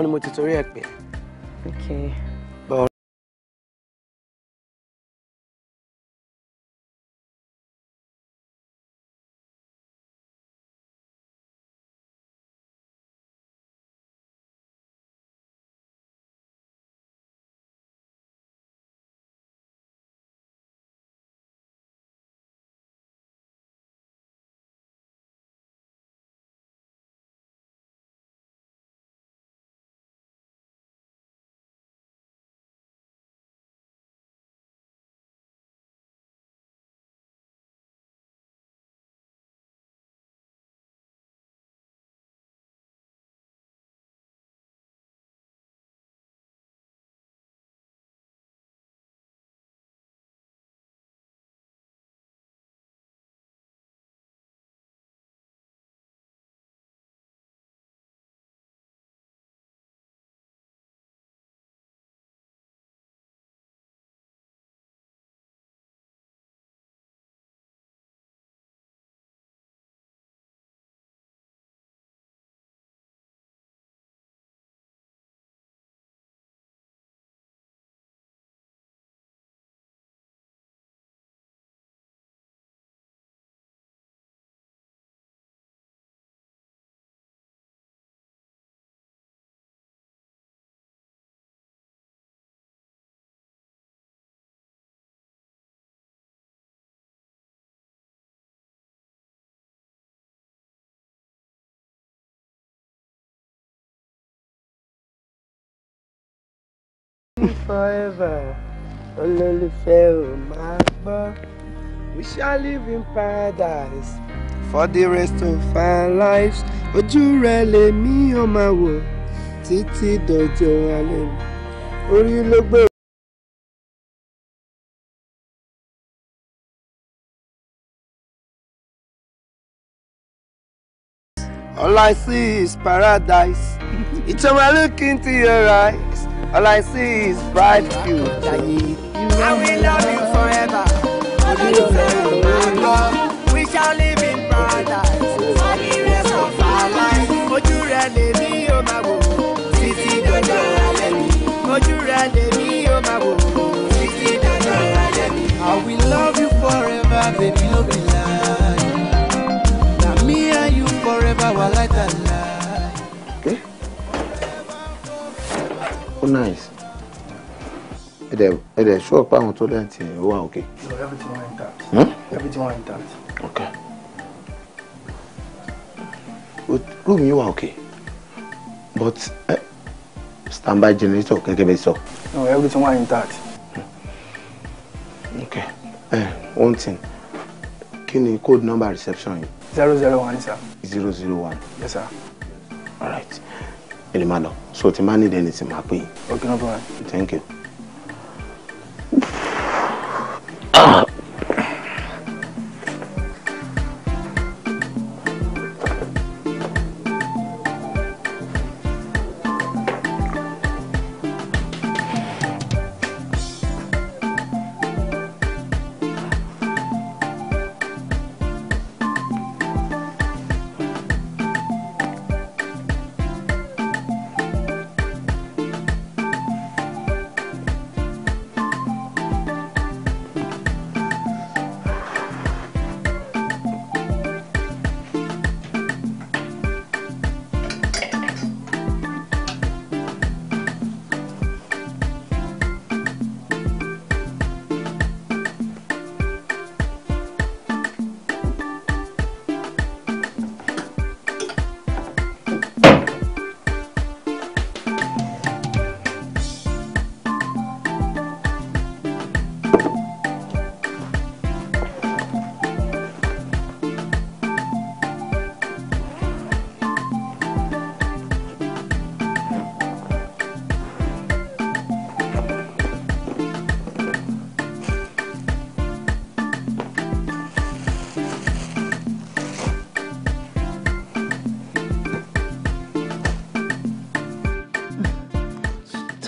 ni mo ti torí ẹ̀ pé. okay. happy forever olólùfẹ́ ò máa gbọ́ we shall live in paradise for the rest of our lives ojú rẹ lèmi ó máa wò títí dọjọ́ alẹ́ orí ló gbé. All I see is paradise. Each time I look into your eyes, All I see is bright future. I will love you forever. I you my love. We shall live in paradise for the rest of our life. Ojú rẹ̀ lè mí ó máa wò títí dọjọ́ alẹ́ mi. Ojú rẹ̀ lè mí ó máa wò títí dọjọ́ alẹ́ mi. I will love you forever, baby, no be lie. Na me and you forever, wa like that. Oh nice ẹ̀dẹ̀ ẹ̀dẹ̀ ṣọ́ọ̀ pa àwọn tó lẹ́yìn tí okay. no everything went intact. Hmm? everything went intact. okay. room yìí wà okay but uh, standby generator gẹ́gẹ́ bẹ́ẹ̀ sọ. no everything went intact. Hmm. okay uh, one thing kí ni code number reception yìí. sir. zero yes sir. all right ẹ lè máa lọ so tí máa need anything. ti máa pè ok no problem. thank you. [coughs]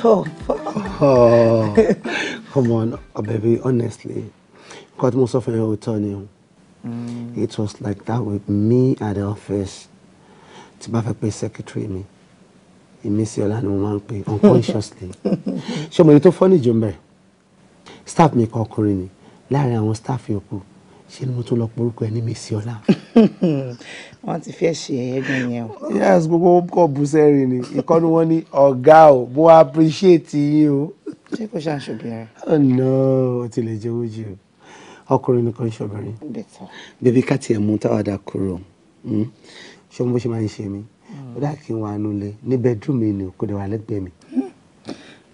tough. [laughs] oh, come on, oh, baby, honestly. Because most of you returning. Mm. It was like that with me at the office. Tí bá fẹ́ secretary me. Ìmísí ọlá ni mo máa ń pe unconsciously. [laughs] Ṣé ọmọ yìí tó fọ́ ní ìjọ ń bẹ̀? Staff mi kọ ọkùnrin ni láàárín àwọn staff yòókù ṣe ni mo tún lọ porúkọ ẹ ní Messi Ọlá. [laughs] wọ́n ti fẹ́ ṣe ẹ̀yẹ́ gan yẹn o. yes gbogbo wọn kọ busẹ́rì ni ìkọ́ni wọn ní ọ̀gá o mo appreciate yín o. ṣé kò ṣáà ṣòbìrì. ọ̀nà oh, ó tilẹ̀ jẹ́ ojú ọkùnrin nìkan ṣòbìrì. bèbí ká tiẹ̀ mú táwàdà kúrò hmm? ṣé mo ṣe máa ń ṣe mí hmm. ó dà kí n wà nulẹ̀ ní bedroom mi ni kò dé wà lẹ́gbẹ̀ẹ́ mi. Hmm.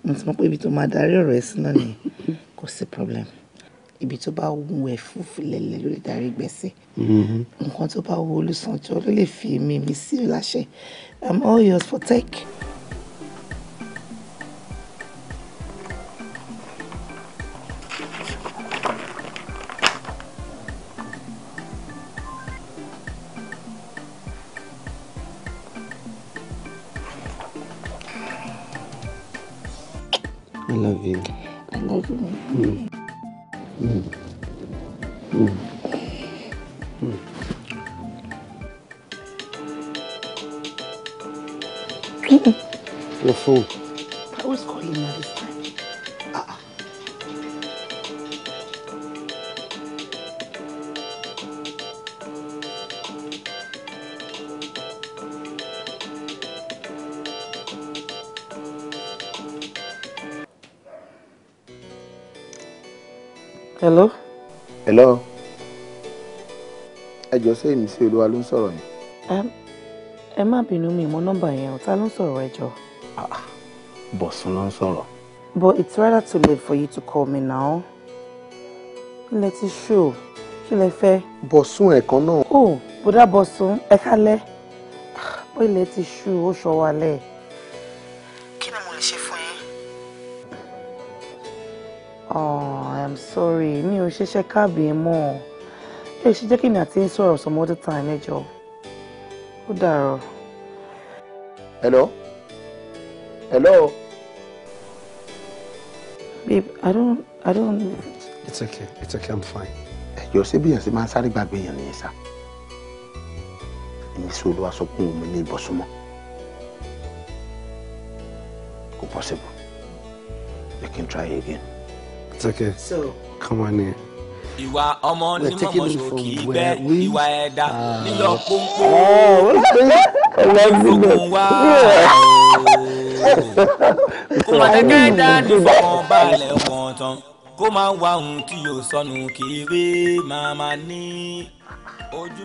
mo ti mọ̀ pé ibi tó máa darí ọ̀rọ̀ ẹ̀ sí náà ni [laughs] kò sí problem ibi tó bá wù ẹ fúfú lẹ̀lẹ̀ ló lè darí gbẹ̀sẹ̀ mm-hmm. nǹkan tó bá wù olùsànjọ́ ló lè fi èmi mi sí láṣẹ I'm all yours for tech. I love you. I love you. Mm. Lọ sóhùn. hello ẹ jọ sí èmi sí olúwa ló ń sọ̀rọ̀ yẹn. ẹ má bínú mi mọ nọ́mbà yẹn ọ̀tá ló ń sọ̀rọ̀ ẹ jọ. Ah, ah. bọ̀sùn ló ń sọ̀rọ̀. but it's rather too late for you to call me now. ilẹ̀ ti ṣú o kí lẹ fẹ́. bọ̀sùn ẹ̀kan náà. o bùdá bọ̀sùn ẹ kálẹ́ ó ilẹ̀ ti ṣú ó ṣọ wa lẹ̀. kí ni mo lè ṣe fún yín i'm sorry mi ò ṣiṣẹ́ káàbì ẹ̀ mọ́ ọ ẹ ṣe jẹ́ kí ni àti ń sọ̀rọ̀ some other time ẹjọ́ ó dàrọ̀. hello hello. babe i don't i don't. it's okay it's okay i'm fine. ẹ̀jọ̀ ṣé bí yẹn ṣe máa ń sáré gbàgbé yẹn nìyẹn sá èmi sí olúwa sọ pé òun mi ní ìbọ̀sùnmọ́ kò possible you can try again. It's okay. So come on in. Ìwà ọmọ ní mọ̀mọ́sọ kì í bẹ́ ìwà ẹ̀dá nílọ pọ́npọ́. Ìfúnkún wá kó máa ní káyọ̀dá ní fọwọ́n balẹ̀ wọ̀n tán kiri máa máa ní ojú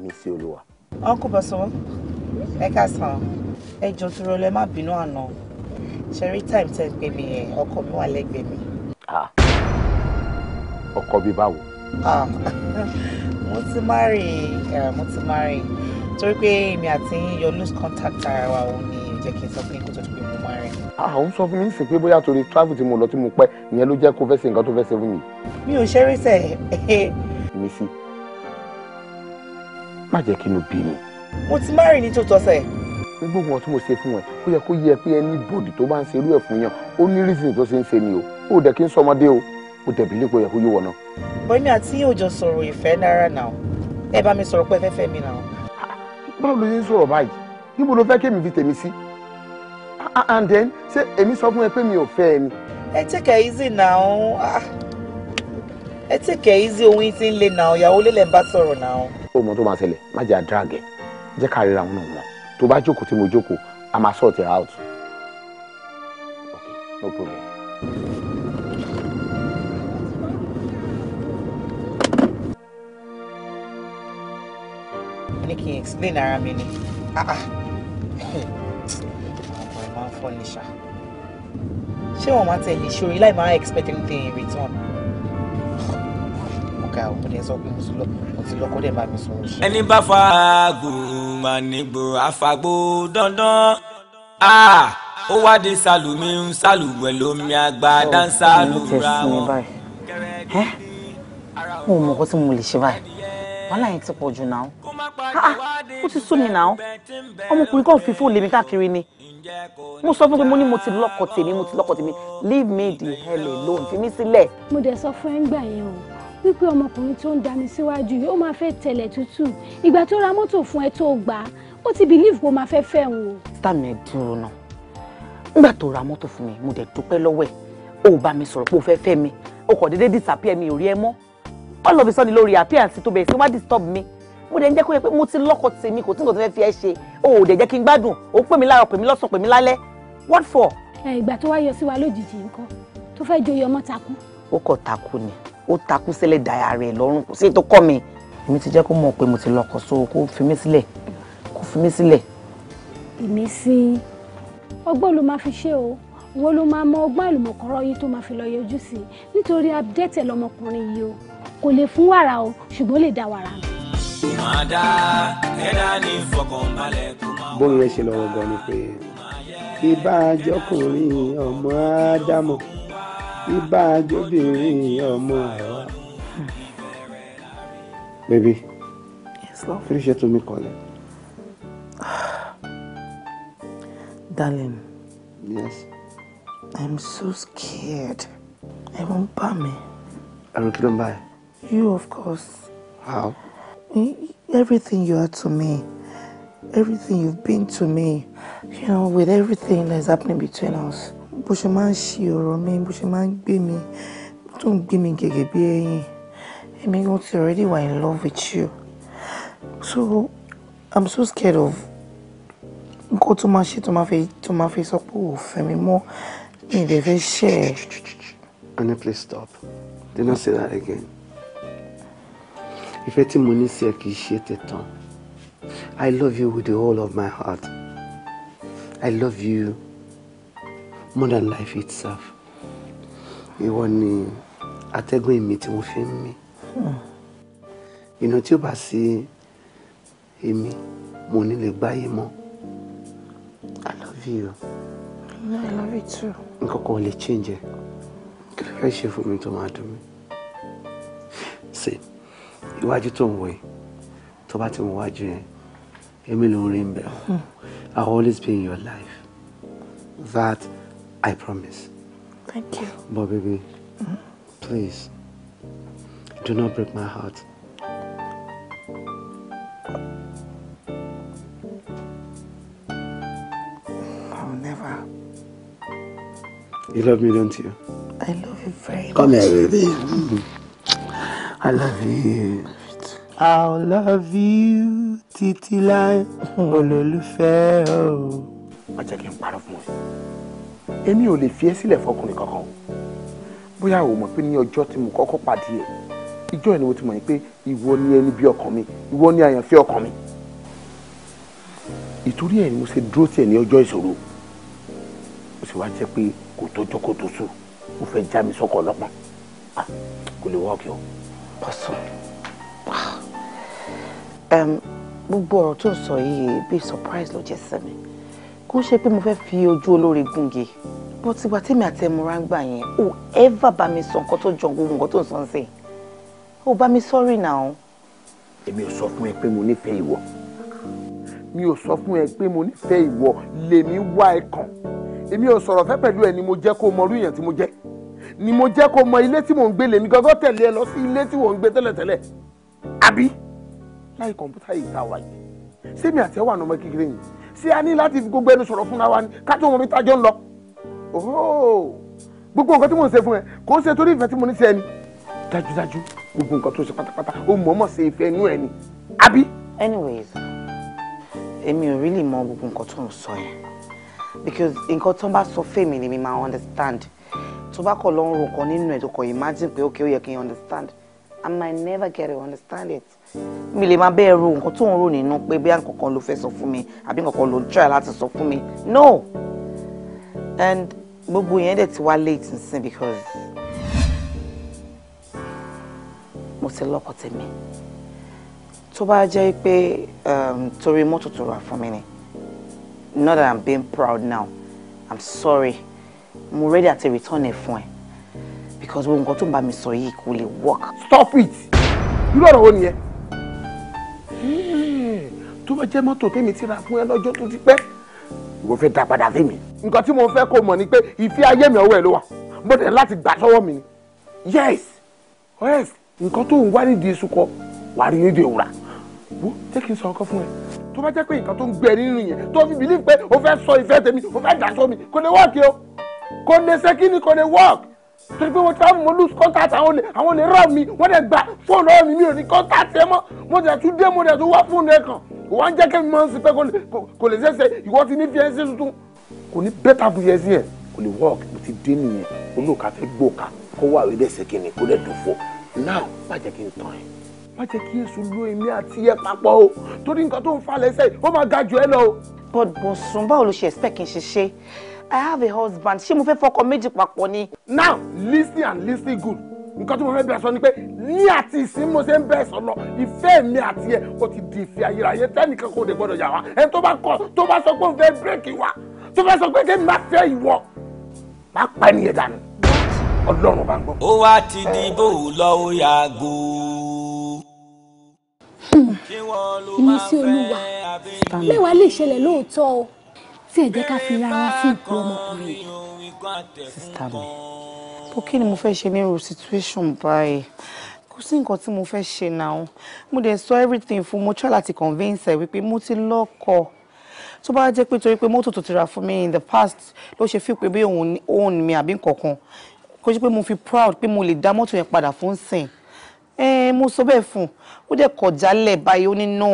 Mi sí Olúwa uncle bọ̀sán ẹ ká san ẹ jọ tọrọ lẹ má bínú àná ṣẹrí time tẹ́ baby pè mí yẹn leg baby. Ah. lẹ́gbẹ̀ẹ́ mi. ọkọ bíi báwo. [laughs] mo ti marry eh, mo ti marry torí pé èmi àti lose contact ara wa ò ní jẹ́ kí n sọ pé kó tó ti pé mo marry. mi nísìnyí pé bóyá torí travel tí mo lọ tí mo pẹ́ ìyẹn ló jẹ́ kó fẹ́ ṣe nǹkan tó fẹ́ ṣe [laughs] má jẹ́ kí inú bí mi. mo ti má rìn ní tó tọ́sẹ̀. gbogbo wọn tí mo ṣe fún ẹ ó yẹ kó yẹ pé ẹni bòdì tó bá ń ṣe irú ẹ fún yàn ó ní reason tó ṣe ń ṣe ni o ó dẹ kí n sọmọdé o ó dẹbi lẹkọọ yẹ kó yé wọn náà. bọ́mí àti yóò jọ sọ̀rọ̀ ìfẹ́ náírà náà ẹ bá mi sọ̀rọ̀ pé fẹ́fẹ́ mi náà. báwo ló ṣe ń sọ̀rọ̀ báyìí níbo ló fẹ́ kí èmi fi tèmi sí and then ṣé èmi sọ fún ẹ pé mi ò fẹ́ ẹ ni. ẹ take it easy now ah. ẹ take it easy ohun tí ń le náà ìyàwó lélẹ̀ ń bá sọ̀rọ̀ náà ó mọ tó máa ṣẹlẹ̀ má jẹ́ àdíràgẹ̀ jẹ́ ká ríra wọn náà wọn tó bá jókòó tí mo jókòó a máa sort it out okay no problem. ní kí n explain ara mi ni àwọn ah, ah. ọ̀rọ̀ máa ń fọ́ níṣà ṣé wọ́n máa tẹ̀lé ìṣòro láì máa expect anything in return ga o mo dẹ̀ sọ pé mo ti lọ mo ti lọ kó dẹ̀ bá mi sọ oṣù. ẹni bá fa gbòòmà nígbò àfàgbò dandan ó wá dé sálùmí ń sálùwẹ̀ lómi àgbà dáńsá lóra wọn. mo mọ̀ kó tí mo lè ṣe báyìí wàhálà yẹn ti pọ̀ jù náà ó ti sú mi náà ọmọkùnrin kan fi fóònù lèmi káàkiri ni mo sọ fún pé mo ní mo ti lọ́kọ tèmi mo ti lọ́kọ tèmi leave me the hell alone fi mí sílẹ̀. mo dẹ̀ sọ fún ẹ ń gbà yẹn o wípé ọmọkùnrin tó ń dami síwájú yìí ó máa fẹ́ tẹ̀lẹ̀ tútù ìgbà tó ra mọ́tò fún ẹ tó gbà á ó ti bìlíìfù pé ó máa fẹ́ fẹ́ wọn. tàmí ẹ dúró náà nígbà tó ra mọ́tò fún mi mo dẹ̀ dúpẹ́ lọ́wọ́ ẹ̀ ó bá mi sọ̀rọ̀ pé ó fẹ́ fẹ́ mi ó kọ̀ déédéé disappear mi ò rí ẹ mọ́ all of a sudden lórí appearance tó bẹ̀rẹ̀ sí wá disturb mi mo dẹ̀ ń jẹ́ kó yẹ pé mo ti lọ́kọ tèmi kò tí nǹkan tó fẹ́ fi ẹ ṣe o ò dẹ̀ jẹ́ kí n gbádùn o pè mí láàárọ̀ pè mí lọ́sàn pè mí lálẹ́ what for. ìgbà tó wá yọ sí wa lójijì nǹkan tó fẹ́ joyè ọmọ takú. ó kọ̀ takú ni ó takú sílẹ̀ dàyà rẹ̀ lọ́rùn kò sí ètò kọ́ mi èmi ti jẹ́ kó mọ̀ pé mo ti lọ́kọ so kó fi mí sílẹ̀ kó fi mí sílẹ̀. èmi sí ọgbọ́n ló máa fi ṣe o wọn ló máa mọ ọgbọ́n àlùmọ̀kọ́rọ́ yìí tó máa fi lọ yọjú sí i nítorí abdẹ́tẹ̀ lọmọkùnrin yìí o kò lè fún wàrà o ṣùgbọ́n lè dá wàrà mi. màdá kẹ́dá ní fọkànbalẹ̀ kó máa wà. bóyá ṣe lọ́wọ́ gan ni pé ìbá ìbájọ́bìnrin ọmọ àwa. baby yes love finish your to me calling. [sighs] darling. yes. i'm so scared. I ń bà mí. ẹ̀rù kí ló ń bà ẹ́. you of course. how. everything you are to me. Everything you've been to me, you know, with everything that's happening between us bó ṣe máa ń ṣe ọ̀rọ̀ mi bó ṣe máa ń gbé mi tó ń gbé mi gẹ́gẹ́ bí ẹyin èmi gan ti already wà in love with you so i'm so scared of nǹkan tó máa ṣe tó máa fi tó máa fi sọ pé ò fẹ́ mi mọ́ mi ì dẹ̀ fẹ́ ṣẹ́ ẹ̀. Annie, please stop. Do not say that again. Ìfẹ́ tí mo ní sí ẹ kì í ṣe tẹ̀tàn. I love you with the whole of my heart. I love you more than life itself ìwọ ni atẹ́gùn èmi tí mo fi ń mí hmm. iná tí ó bá sí èmi mo ní lè gbáyé mọ́ I love you. Yeah, I love you too. nǹkan kan ò lè change ẹ kí ló fẹ́ ṣe fún mi tó máa dùn mí ṣe iwájú tó ń wọ ẹ tó bá ti ń wájú yẹn èmi ló ń rí ń bẹ̀ hmm. I always be in your life that. I promise. Thank you. But baby, mm please, do not break my heart. I'll never. You love me, don't you? I love you very much. Come here, baby. I love you. I'll love you titi láì [laughs] olólùfẹ́ o. Má jẹ́ kí n parọ́ fún èmi ò lè fi ẹ́ sílẹ̀ fọkùnrin kankan bóyá o mọ̀ pé ní ọjọ́ tí mo kọ́kọ́ pàdé ẹ̀ ìjọ ẹ̀ ni mo ti mọ̀ pé ìwọ ni ẹni bí ọkàn mi ìwọ ni àyànfẹ́ ọkàn mi ìtorí ẹ̀ ni mo ṣe dúró tiẹ̀ ní ọjọ́ ìṣòro ó sì wá jẹ́ pé kò tọ́jọ́ kò tó sùn ó fẹ́ já mi sọ́kọ̀ ọlọ́pàá ah, kò lè wọ́ọ̀kì o. bọ́sùn ah. gbogbo ọ̀rọ̀ tó ń sọ yìí bíi surprise ló jẹ́ sí kó ṣe pé mo fẹ́ fi ojú olóore gúnge bó ti wá tèmi àti ẹmúra ń gbà yẹn ò ẹ́fà bá mi sọ nǹkan tó jọ gbogbo nǹkan tó ń sọ ń sìn ò bá mi sọ́rí náà. èmi ò sọ fún ẹ pé mo nífẹ̀ẹ́ ìwọ mi ò sọ fún ẹ pé mo nífẹ̀ẹ́ ìwọ lèmi wá ẹ kàn èmi ò sọ̀rọ̀ fẹ́ pẹ̀lú ẹ ni mo jẹ́ kó mọ irú èèyàn tí mo jẹ́ ni mo jẹ́ kó mọ ilé tí mò ń gbé lèmi gangan tẹ̀lé ẹ lọ sí ilé tí mò ń gbé tẹ́lẹ̀tẹ́lẹ̀ àbí láì kọ̀ǹpútà yìí tá wáyé sẹ́mi àti ẹ wà ní kékeré yìí ṣé a ní láti fi gbogbo ẹnu sọ̀rọ̀ fúnra wa ni ká tó mọ bí tájọ́ ń lọ. gbogbo nǹkan tí mò ń ṣe fún ẹ kò ń ṣe torí ìfẹ́ tí mo ní sí ẹni dájúdájú gbogbo nǹkan tó ṣe pátápátá ó mọ̀ọ́mọ̀ ṣe ìfẹ́ inú ẹni àbí. anyways èmi ò really mọ gbogbo nǹkan tó ń sọ yẹn because nǹkan tó ń bá sọ fèmí ni mi máa understand tó bá kọ lọ́rùn kan nínú ẹ̀ tó kọ imagine pé okay ó yẹ kí n understand I might never get to understand it mi lè máa bẹ́ẹ̀ ro nǹkan tó ń rò nínú pé bí nǹkankan ló fẹ́ sọ fún mi àbí nǹkankan ló ń try láti sọ fún mi no and gbogbo yẹn dẹ̀ ti wá late nsìn because mo ti lọ́kọ tèmi tó bá jẹ́ pé um, torí mọ́tò tó rà fún mi ni not that i'm being proud now i'm sorry mo ready àti return ẹ̀ fún ẹ because gbogbo nǹkan tó ń bá mi sọ yìí kò lè work. stop it irú ọ̀rọ̀ wo nìyẹn tó bá jẹ́ mọ́tò tèmi ti ra fún ẹ lọ́jọ́ tó ti pẹ́ ìwọ fẹ́ dá padà fún mi. nǹkan tí mo fẹ́ kó mọ̀ ni pé ìfẹ́ ayé mi ọwọ́ ẹ ló wà mo tẹ̀ láti gbà sọ́wọ́ mi ni. yes yes nǹkan tó ń wá nídìí iṣu kọ wà á rí nídìí òwúrà wo jẹ́ kí n sọ ọkọ fún ẹ tó bá jẹ́ pé nǹkan tó ń gbẹ nínú yẹn tó fi bìlí pé o fẹ́ sọ ìfẹ́ tèmi o fẹ́ dà sọ mi kò lè wọ́ọ̀kì o kò lè ṣe kí ni kò lè wọ́ọ̀kì torí pé mo travel mo lose contact àwọn olè àwọn olè rọ̀ mi wọ́n dẹ̀ gba fóònù lọ́wọ́ mi mi ò ní contact ẹ mọ́ mo dẹ̀ tún dé mo dẹ̀ tún wá fóònù ẹ kàn wọ́n á jẹ́ kí n mọ̀ sí pé kò lè ṣeéṣe ìwọ ti ní fiẹ́nsì tuntun kò ní bẹ́tà fún fiẹ́nsì ẹ̀ kò lè work mo ti dé nìyẹn olóòka fẹ́ gbòòka kó wà wí lẹ́sẹ̀ kí ni kó lè dùn fún now má jẹ́ kí n tán ẹ̀ má jẹ́ kí èso lo èmi àti ẹ papọ̀ o torí nǹkan tó ń falẹ̀ sẹ́yìn ó máa ga jù ẹ lọ o. bọ́dùbọ̀sùn báwo ló ṣe expect kí n ṣe ṣe I have a husband. Ṣé mo fẹ́ fọkọ méjì papọ̀ ni? Now listen and listen good. Nǹkan tí mo fẹ́ bẹ̀rẹ̀ sọ ni pé ní àti ìsín mo ṣe ń bẹ̀rẹ̀ sọ lọ ìfẹ́ mi àti ẹ̀ o ti di ìfẹ́ ayérayé tẹ́nìkan kò dé gbọ́dọ̀ yà wá. Ẹni tó bá kọ̀ tó bá sọ pé òun fẹ́ bírèkì wa tó fẹ́ sọ pé kémi má fẹ́ ìwọ má pa ẹni yẹn dànù. Ọlọ́run bá ń gbọ́. Ó wá ti di bó lọ ó yàgò. Ìmísí hmm. olúwa mẹ́wàá lè ṣẹlẹ̀ lóòótọ́ o tí ẹ jẹ́ ká fi ra wa sí ìkú ọmọkùnrin. sísá mi bó kí ni mo fẹ́ ṣe nírú situation báyìí kò sí nǹkan tí mo fẹ́ ṣe náà mo dẹ̀ sọ everything fún mo try láti convince ẹ wípé mo ti lọ́kọ tó bá jẹ́ pé torí pé mọ́tò tó ti rà fún mi in the past ló ṣe fi pé bí òun mi àbí nǹkan kan kó jẹ́ pé mo fi proud pé mo lè dá mọ́tò yẹn padà fún sìn mo sọ bẹ́ẹ̀ fún un ó dẹ̀ kọ̀ jálẹ̀ báyìí ó ní no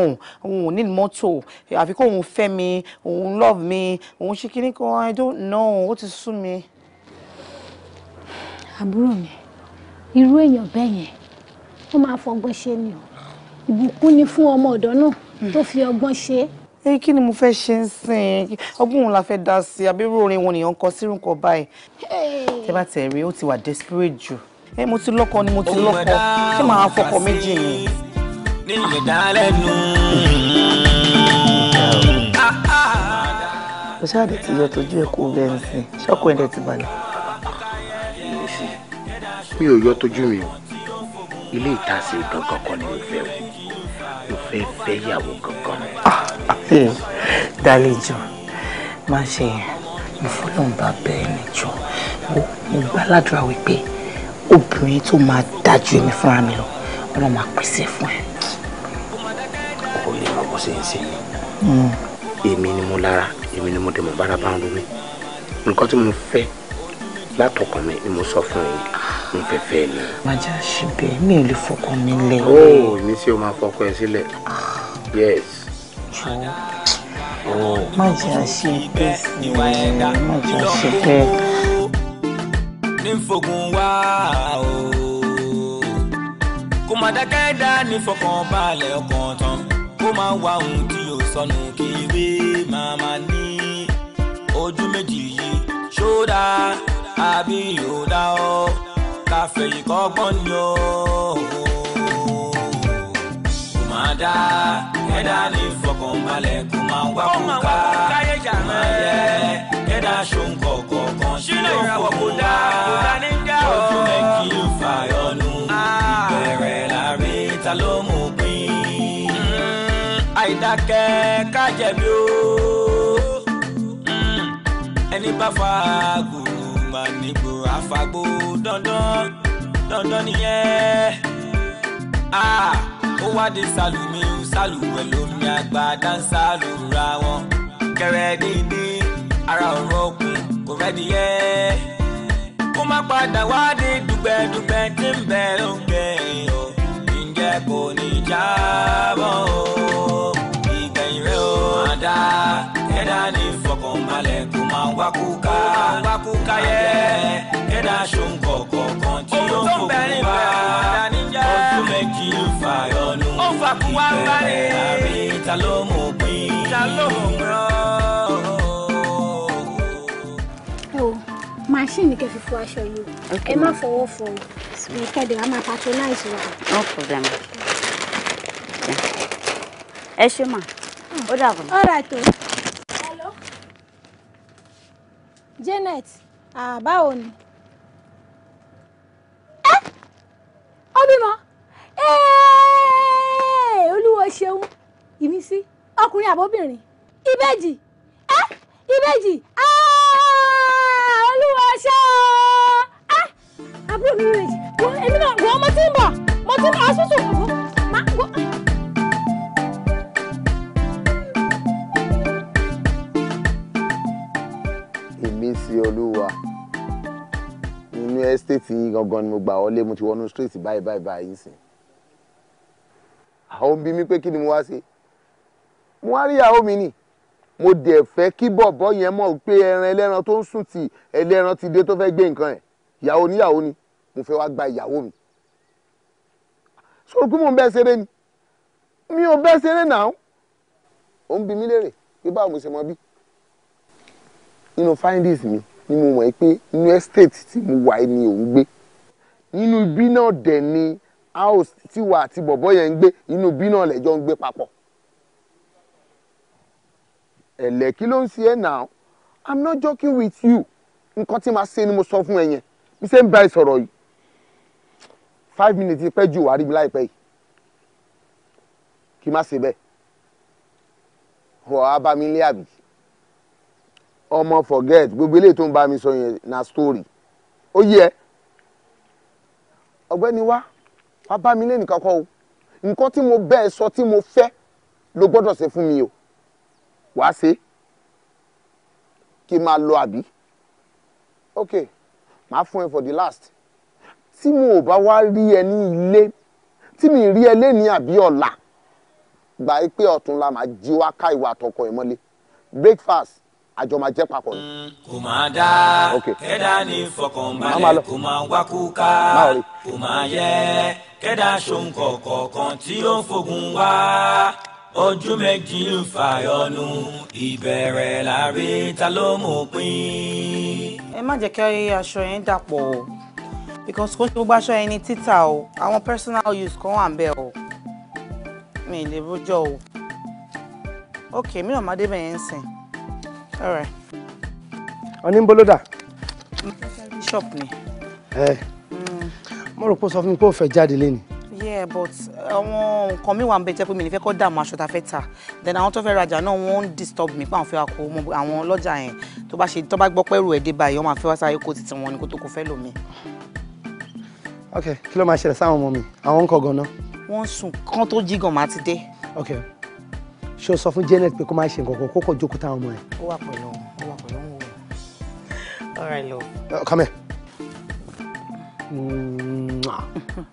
òun ò ní mọ́tò àfi kó òun fẹ́ mi òun love mi òun ṣe kíní kan i don't know ó ti sú mi. àbúrò mi irú èèyàn bẹ́ẹ̀ yẹn ó máa fọgbọ́n ṣe ni o ìbùkún ni fún ọmọ ọ̀dọ́ náà tó fi ọgbọ́n ṣe é ẹ kí ni mo fẹ́ ṣe ń sìn ọgbọ́n òun la fẹ́ dá sí abẹ́rò orin wọn nìyẹn ń kọ sírùn báyìí tẹ bá tẹ̀ rí ó ti wà desperate jù ẹ mo ti lọ́kọ ni mo ti lọ́kọ ṣé màá fọkọ méjì ni. nílẹ̀ dálẹ́ nù. mo ṣáà dé ti yọ tọ́jú ẹ̀ kó bẹ́ẹ̀ nsìn ṣọ́kọ ẹ̀ dẹ̀ ti balẹ̀. mi ò yọ tọ́jú mi o ilé ìtàsí gangan kan ni mo fẹ́ o mo fẹ́ fẹ́ yàwó gangan. dalẹ̀ jọ máa ṣe yẹn mo fọlọ́run bá bẹ́ẹ̀ nìjọ mo gbàládùra wípé obìnrin tó máa dájú èmi fúnra mi lọ ọlọ́run máa pèsè fún ẹ. kò lè mọ bó ṣe ń ṣe mí hmm. èmi ni mo lára èmi ni mo dẹ̀ mọ̀ bára bá ń ro mi nǹkan tí mo fẹ́ látọkàn mi ni mo sọ fún yín mo fẹ́ fẹ́ ni. màjà ṣe bẹ́ẹ̀ mi ò lè fọkàn mi lẹ̀. ó ní sí máa fọkàn ẹ sílẹ̀ yes. màjà ṣe bẹ́ẹ̀ sí i màjà fi ń fògùn wá o kó má dákẹ́ dání fọkàn balẹ̀ ọkàn tán kó má wá ohun tí yóò sọnù kiri màmá ní ojú méjì yìí ṣódà àbí yòódà o káfẹ̀yìn kọ́gbọ́n ni o kó má dá kẹ́dá ní fọkàn balẹ̀ kó má wá kúkà má yẹ dá ṣòǹkọ̀ kọ̀ọ̀kan sí lọ́pọ̀ kò dá ojú ẹ̀ kì í fàyọnu ah. ìbẹ̀rẹ̀ láre ta ló mú pín. Hmm, àìdákẹ́ ká jẹ̀bi o hmm, ẹni bá fa gùrùmà nígbò àfàgbò dandan dandan nìyẹn ah, ó wá dé sálùmí sálùwẹ̀ lómi àgbà dáńsá ló ra wọn kẹrẹ ara ọ̀rọ̀ òkun kò rẹ́ni yẹ. kó má padà wá dé dùgbẹ́dùgbẹ́ tí ń bẹ lóúnjẹ ìyọ̀ ǹjẹ́ kò ní jábọ̀ o. ìgbẹ̀yìn rẹ̀ ó máa dá kẹ́dá ní ìfọkànbalẹ̀ kó máa wákúká wákúká yẹ kẹ́dá ṣòǹkọ̀ kọ̀ọ̀kan tí ó ń fòkùn bá ọdún méjì ń fa ìyọnu ìfẹ́ àbí ta ló mọ̀ pín. ta ló mọ̀ pín. machine kẹ́ fi fọ aṣọ yìí ẹ má fọwọ́ fọ mi kẹ́dẹ̀ wá máa patronize wa. no problem ẹ ṣe mà ó dàbọ̀. all right o. hello Janet àbáwo ni. ẹ ọ bímọ olúwo ṣeun ìmísí ọkùnrin àbóbìnrin ìbejì ẹ ìbejì ah olúwa ṣá ọ ah, àbúrò mi rèé wọ èmi náà wọ ọmọ tí ń bọ̀ mo ti ń bọ̀ hospital wọ má wọ. ìmísí olúwa nínú ẹ́stéètì yìí gangan ni mo gbà wọlé mo ti wọnú street báyìí báyìí báyìí sìn àwọn bí mi pé kí ni mo wá ṣe mo wá rí ìyàwó mi nì mo dẹ̀ fẹ́ kí bọ̀bọ̀ yẹn mọ̀ pé ẹran ẹlẹ́ran tó ń sùn tì ẹlẹ́ran ti dé tó fẹ́ gbé nǹkan ẹ̀ ìyàwó níyàwó ni mo fẹ́ wá gba ìyàwó mi sọ pé mo ń bẹ́ ṣeré ni mi ò bẹ́ ṣeré náà ó ń bi mí léèrè pé báwo mo ṣe mọ bí nínú findings mi ni mo mọ̀ pé inú estate tí mo wà ni òun gbé nínú ibi náà dẹ̀ ni house tiwa àti bọ̀bọ̀ yẹn ń gbé inú ibi náà lẹ́jọ́ ń gbé papọ̀ ẹlẹ kí ló ń ṣe náà i'm not joking with you nǹkan tí màá ṣe ni mo sọ fún ẹ yẹn Mi ṣe ń bá ẹ sọ̀rọ̀ yìí five minutes pẹ́ ju wàá rí mi láìpẹ́ yìí kí má ṣe bẹ́ẹ̀ á bá mi lé àbí ọmọ forget gbogbo eléyìí tó ń bá mi sọ yẹn na story ó yẹ ọ̀gbẹ́ni wá wá bá mi lé nìkan kọ́ o nǹkan tí mo bẹ́ẹ̀ sọ tí mo fẹ́ ló gbọ́dọ̀ ṣe fún mi o wàá ṣe kí n máa lọ àbí ok màá fún ẹ for the last tí mo ò bá wá rí ẹ ní ilé tí mi rí ẹ lé ní àbí ọ̀la gbà é pé ọ̀túnla màá jí wá ká ìwà àtọkọ ẹ mọ́lé breakfast àjọ máa jẹ́ papọ̀ ni. kò máa dá kẹ́dá ní fọkànbalẹ̀ kò máa wákú ká kò máa yẹ kẹ́dá ṣoǹkọ̀ọ̀kọ̀ọ̀kan tí ó ń fogun wá ojú méjì ń fàyọnu ìbẹ̀rẹ̀ láre ta ló mú pín. ẹ má jẹ́ kí aṣọ yẹn dàpọ̀ o because kò ṣe gbogbo aṣọ yẹn ní títà o àwọn personal use kan wà ń bẹ̀ o mi lè rojọ́ o ok mi ò má débẹ̀ yẹn ń sìn alright. ọní ń bolódà. bishop ni. ẹ mo rò pé ó sọ fún mi pé ó fẹ́ jáde lénìí yeah but àwọn nǹkan mi wà ń bẹ jẹ́ pé mi ní fẹ́ kọ́ dààmú aṣọ ta fẹ́ tà then àwọn tó fẹ́ rajà náà wọ́n ń disturb mi pé àwọn fẹ́ wá kó àwọn ọlọ́jà yẹn tó bá ṣe tó bá gbọ́ pẹ́rù ẹ̀ dé báyìí wọ́n máa fẹ́ wá sáré kó titi wọn ni kó tó kó fẹ́ lò mí. ok kí ló máa ṣẹlẹ̀ sáwọn ọmọ mi àwọn ń kọ gan-an. wọ́n sùn kán tó jí gan máa ti dé. ok ṣé o sọ fún Janet pé kó má ṣe nǹkan kan kó kọ̀ jókòó táwọn all right love. come here. mm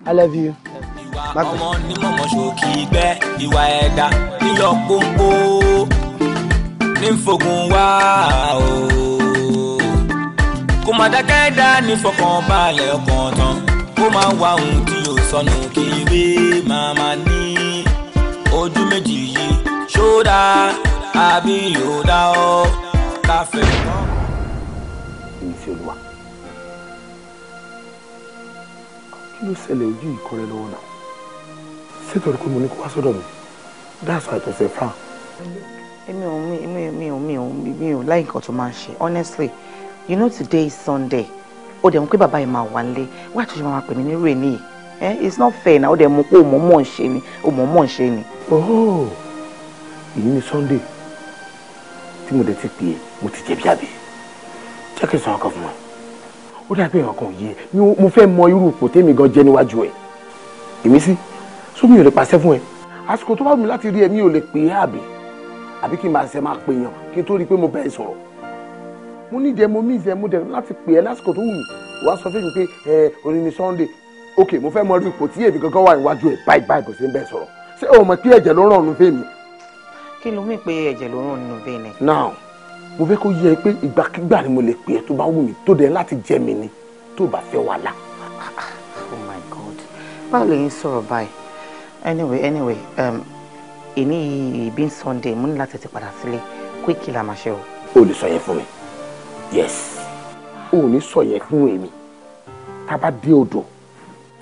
I love you ọmọ onímọ̀mọ́ ṣòkì gbẹ́ ìwà ẹ̀dá nílọ pọ́npọ́ ní fògùn wá o kò má dákẹ́ dá ní fọkànbalẹ̀ ọkàn tán kó má wá ohun tí yóò sọnù kiri màmá ní ojú méjì yìí ṣódà àbí yòódà ọ́ káfẹ́ náà. ló ṣẹlẹ̀ ojú ìkọrẹ lọ́wọ́ náà ṣé torí pé mo ní kó wá sọ́dọ̀ mi that's why i just say fran. èmi ò mi èmi ò mi ò mi ò láì nǹkan tó máa ń ṣe honestly you know today is sunday ó dẹ̀ mú pé bàbá yìí máa wà nílé wá àtúnṣe máa pè mí ní rè nìyí eh it's not fair na ó dẹ̀ mú pé òmò mọ̀ ń ṣe ni òmò mọ̀ ń ṣe ni. ooo oh, èyí ni sunday tí mo dẹ̀ ti pè é mo ti jẹ̀bi àbí jẹ́ kí n sọ ọkọ̀ fún ẹ ó dàbí ọkàn yìí mo fẹ́ mọ irú ipò tèmi gan jẹ́ níwájú ẹ̀ èmi sí so mi ò lè pàṣẹ fún ẹ àsìkò tó bá wù láti rí ẹ ò lè pè é àbí àbí kí n máa ṣe máa pè yàn kí n tó rí i pé mo bẹ́ẹ̀ sọ̀rọ̀ mo ní ìdẹ mo mí ìdẹ mo dẹ láti pè ẹ lásìkò tó wù mí wàá sọ fẹ́mi pé ẹ orin ni Sunday ok mo fẹ́ mọ rí ipò tí èmi gangan wà níwájú ẹ báyìí báyìí kò sí bẹ́ẹ̀ sọ̀rọ̀ ṣé o mọ̀ pé ẹ̀jẹ̀ ló ràn nù fẹ́mi. kí ló mí pé ẹ̀jẹ̀ ló ràn nù bẹ́ẹ̀ ni. now mo fẹ́ kó yẹ ẹ pé ìgbàkigbà ni mo lè pè ẹ tó bá wù mí tó dẹ láti jẹ mi ni tó bá ah, ah, oh my god báwo lè ń sọ̀rọ̀ báyìí anyway anyway èmi um, bí sunday mo ní láti ti padà sílé quick la máa ṣe o. o lè sọ yẹn fún mi yes o ò ní sọ yẹn fún èmi tá a bá dé odò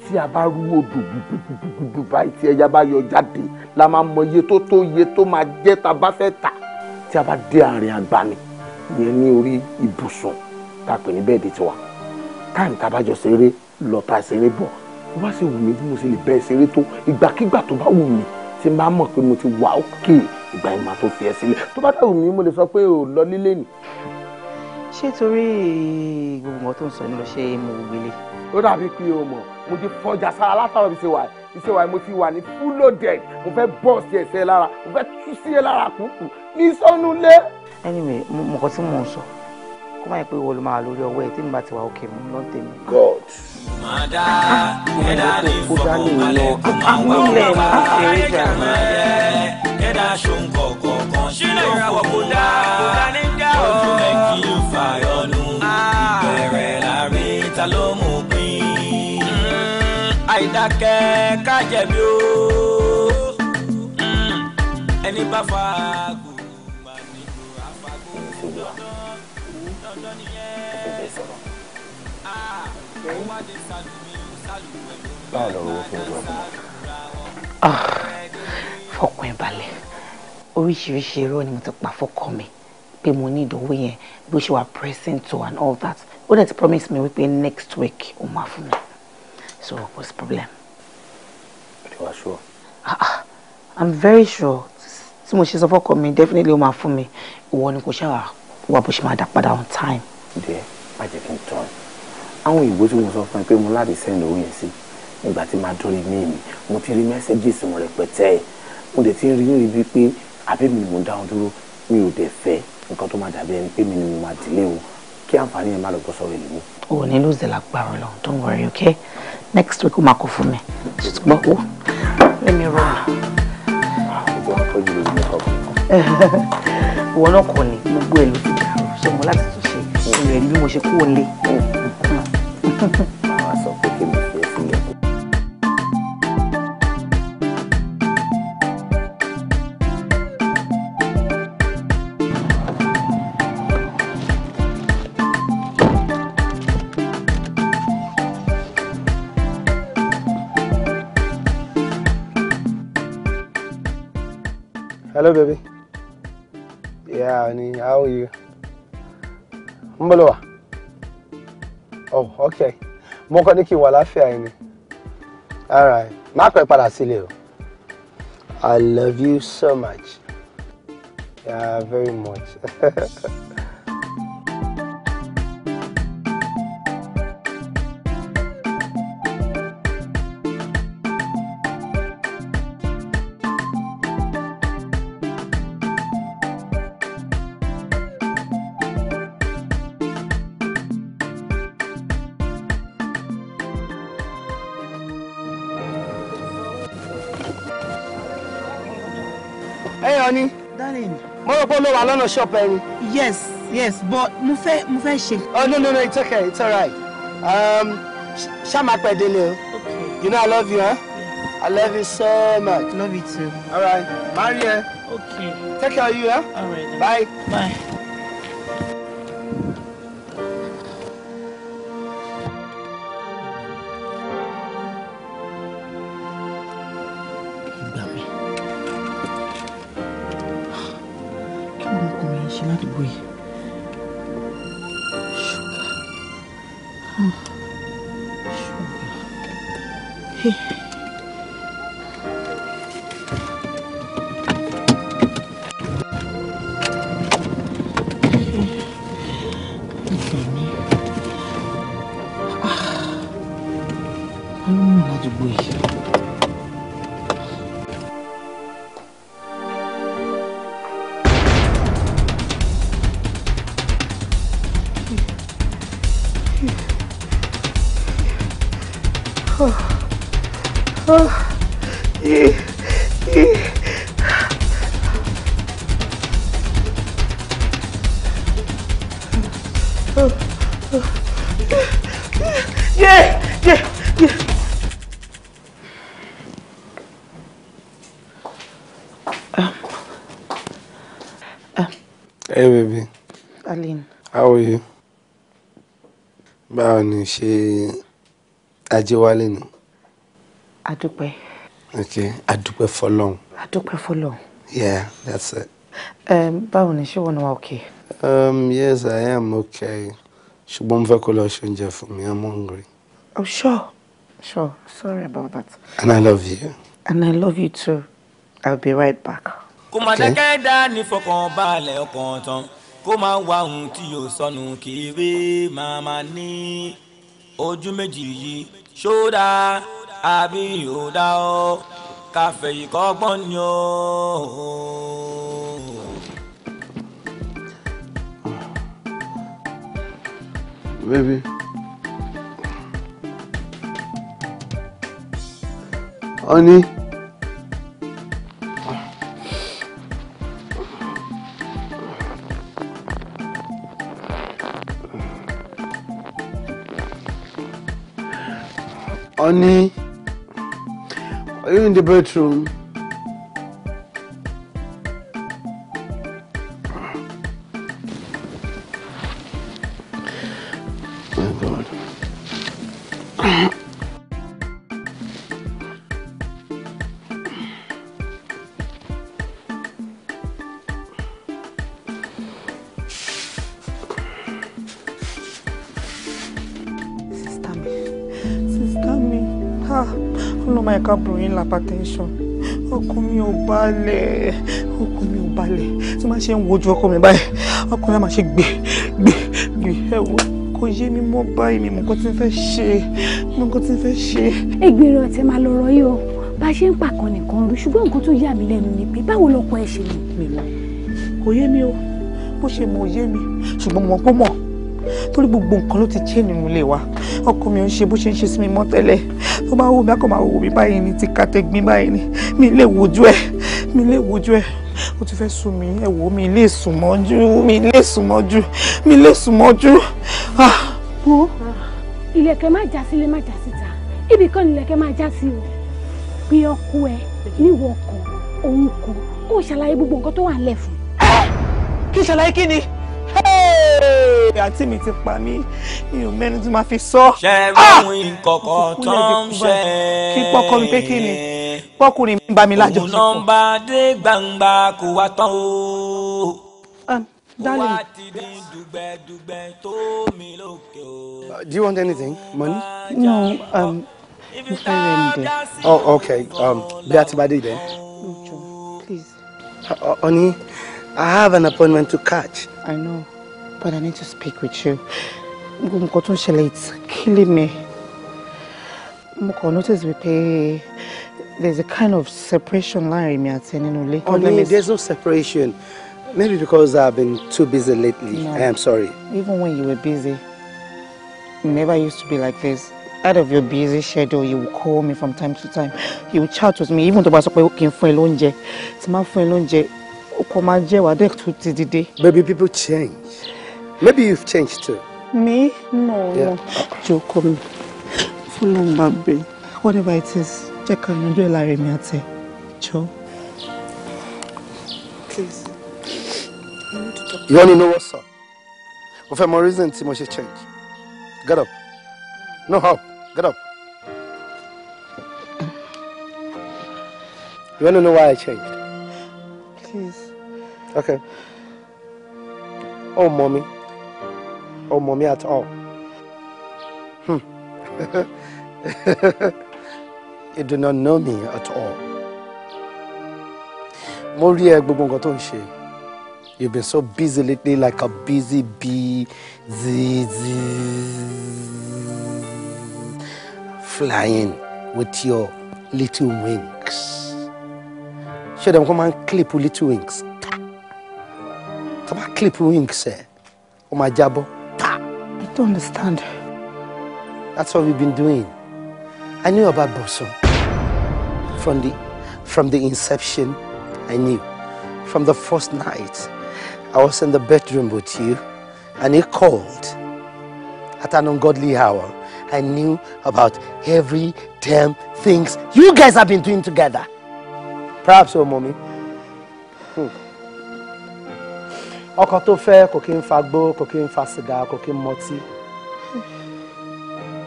tí a bá rú odò gbùgbùgbùgbù báyìí tí ẹja bá yọ jáde la máa mọ iye tó tó iye tó máa jẹ́ tá a bá fẹ́ tà tí a bá dé àárín agbami yẹn ní orí ibùsùn tá a pè ní bẹ́ẹ̀dì tiwa táìmù tá a bá jọ ṣeré lọ́ta ṣeré bọ̀ bó bá ṣe wù mí bí mo ṣe lè bẹ́ẹ̀ ṣeré tó ìgbàkigbà tó bá wù mí tí n bá mọ̀ pé mo ti wà òkè ìgbà yẹn máa tó fi ẹ́ sílẹ̀ tó bá dà wù mí mo lè sọ pé ò lọ lílé nì. ṣé torí gbogbo nǹkan tó ń sọ ni lọ ṣe mo gbélé. ó dàbí pé o mọ̀ mo ti fọjà sára látàrọ̀ mi ṣe wà mi ṣe wà mo ti wà ní fúlòdẹ̀ mo fẹ́ bọ́ọ̀sì ẹ̀sẹ̀ lára mo fẹ́ tú sí ẹ lára kúkú ní sọ́nulẹ̀. anyway mo mọ̀ kọ́ tí mò ń sọ. So kó má yẹ pé wọ́n ló máa lórí ọwọ́ ẹ̀ tí mi bá ti wà òkè mú lọ́n tèmi. God. màdá ah, ẹ̀dá ní ìfọ̀kànbalẹ̀ kó máa wà wọ́n bá kéré jà. ẹ̀dá ṣòun kọ̀ọ̀kan ṣí lè ra kó dá ọdún ẹ̀ kí n fà yọnu ah. ìbẹ̀rẹ̀ láre ta ló mú pín. Mm, àìdákẹ́ ká jẹ̀bi o mm, ẹni bá fa. báwo lọ rówó fún ìlú ọdún. fọkàn ẹ balẹ̀ oríṣiríṣi irọ́ ni mo ti pa fọkàn mi pé mo ní ìdánwò yẹn bó ṣe wà present to and all that ó dẹ̀ ti promise mi wípé next week ó máa fún mi so what's the problem. you are sure. ah ah i'm very sure tí mo ṣe sọ fọkàn mi definitely ó máa fún mi ìwọ ni kò ṣáà wà bó ṣe máa dà padà on time. ǹjẹ́ má jẹ́ kí n tán ẹ àwọn ìwé tí mo sọ fún ẹ pé mo láti sẹ́ndì owó sí nígbà tí màá dórí mí mi mo ti rí mẹ́sẹ́gìs mo rẹpẹtẹ mo dẹ̀ ti rí níbi pé àbí ni mo dáhùn dúró mi ò dẹ̀ fẹ́ nǹkan tó máa dàbí ẹni pé mi ni mo máa dìlé o kí àǹfààní yẹn má lọ gbọ́ sọ̀rọ̀ èlùmí. o ò ní lóòzẹ̀ lágbára Ọlọ́run don't worry okay next week ó máa kó fún mi ṣùgbọ́n ó let me run. [laughs] ìwọ náà kọ ni gbogbo ẹ̀ ló ti dàrú sọmọ láti tún ṣe ìrẹ̀lí bí mo ṣe kúrò lé. Hello, baby. Yeah, honey, how are you? Mbalowa oh okay mo kọ́ ní kí n wà láfíà yìí ni all right má pẹ́ padà sílé o i love you so much yeah very much. [laughs] pé lọ́nà ṣọ́ọ̀pù ẹni. yes yes but mo fẹ́ mo fẹ́ ṣe. oh no no no it's okay it's alright um, ṣáàmà pẹ̀ délé o you know i love you huh? i love you so much. love you too. alright marry her. okay. take care of you huh? alright bye. bye. Ajéwálé ni. Adúpẹ́. Okay, Adúpẹ́ fọlọ́run. Adúpẹ́ fọlọ́run. Yeah, that's it. Um, báwo ni ṣé wọn wà okay? Um, yes, I am okay. Ṣùgbọ́n mo fẹ́ kó lọ ṣe fún mi, I'm hungry. Oh, sure. Sure, sorry about that. And I love you. And I love you too. I'll be right back. Kò máa dákẹ́ dá ní fọkànbalẹ̀ ọkàn tán kó máa wá ohun tí yóò sọnù kiri máa máa ní ojú méjì yìí ṣódà àbí ìhòdà ọ káfẹ̀yì kọ́gbọ́n ni ó. Baby. Honey. Honey, are you in the bedroom? hypertension ọkàn mi ò balẹ̀ ọkàn mi ò balẹ̀ tí máa ṣe ń wojú ọkọ mi báyìí ọkàn mi á máa ṣe gbè gbè gbè ẹ̀wọ̀ kò yé mi mọ́ báyìí mi mọ̀ nǹkan tí ń fẹ́ ṣe mọ̀ nǹkan tí ń fẹ́ ṣe. ẹgbẹ̀rún ọ̀tẹ̀ máa lọ́rọ̀ yìí o bá a ṣe ń pàkan nìkan rú ṣùgbọ́n nǹkan tó yà mí lẹ́nu ni pé báwo lọkọ ẹ ṣe lè kò yé mi o bó ṣe mọ̀ yé mi ṣùgbọ́n mọ̀ pé mọ̀ torí gbogbo nǹkan ló ti ṣe nínú ilé wa ọkọ mi ò ń ṣe bó ṣe ń ṣe sí mi mọ́ tẹ́lẹ̀ ó máa ń wò mí àkọ́ máa wò mí báyìí ni ti kàtẹ́gbín báyìí ni mi lè wojú ẹ̀ mi lè wojú ẹ̀ ó ti fẹ́ sùn mí ẹ̀ wò mí lè sùn mọ́jú mi lè sùn mọ́jú mi lè sùn mọ́jú. Ah, wo ìlẹ̀kẹ̀ má já sílé má já síta ibì kan ìlẹ̀kẹ̀ má já sí o pé ọkọ ẹ níwọ̀ ọkọ òun kọ kó ṣàlàyé gbogbo nǹkan tó wà ń lẹ̀ fún. kí ṣàlàyé kí ni ìyá tí mi ti pa mí mi ò mẹ́nu tí màá fi sọ. ṣẹ́rùn ah! ìkọ̀kọ̀ tó ń ṣe. kí pọ́kọ mi pé kí ni pọ́kùnrin mi bá mi lájọṣepọ̀. òun nọ́mbà dé gbangba kò wá tán o. Um, darling. Do you want anything? Money? No, um, I'm sorry. Oh, okay. Um, Beati Badi then. Please. Uh, uh, honey, I have an appointment to catch. I know. But I need to speak with you. Nǹkan tó ń ṣẹlẹ̀ it's killing me. Mo kàn notice wípé there's a kind of separation láàrin mi àti ẹni nínú ilé. there's no separation. Maybe because I've been too busy lately. No. I am sorry. Even when you were busy, you never used to be like this. Out of your busy schedule, you would call me from time to time. You would chat with me, even though I was pé kí n fún ẹ lóúnjẹ. Tí máa fún ẹ lóúnjẹ, ó kọ́ máa jẹ́ wàá Baby, people change. Maybe you've changed too. Me? No. Yeah. Jọ̀ọ́ kọ́ mi. Fọlọ́run bá Whatever it is, check on yanjú ẹ̀ láàrin mi Please. You only know what's up. Ó fẹ́ mọ reason tí mo ṣe change. Get up. No help. Get up. You want to know why I changed? Please. Okay. Oh, mommy ọmọ mi at all. Hmm. [laughs] you do not know me at all. mo rí ẹ gbogbo nǹkan tó ń ṣe you been so busy lately like a busy bee zi flying with your little wings ṣé dem kó máa ń clip little wings tá bá clip wings ẹ ó máa jábọ́. don't understand. That's what we've been doing. I knew about Boso. From the, from the inception, I knew. From the first night, I was in the bedroom with you, and he called at an ungodly hour. I knew about every damn things you guys have been doing together. Perhaps so, oh, mommy. ọkọ tó fẹ́ kò kí n fa kò kí n fa sìgá kò kí n mọtí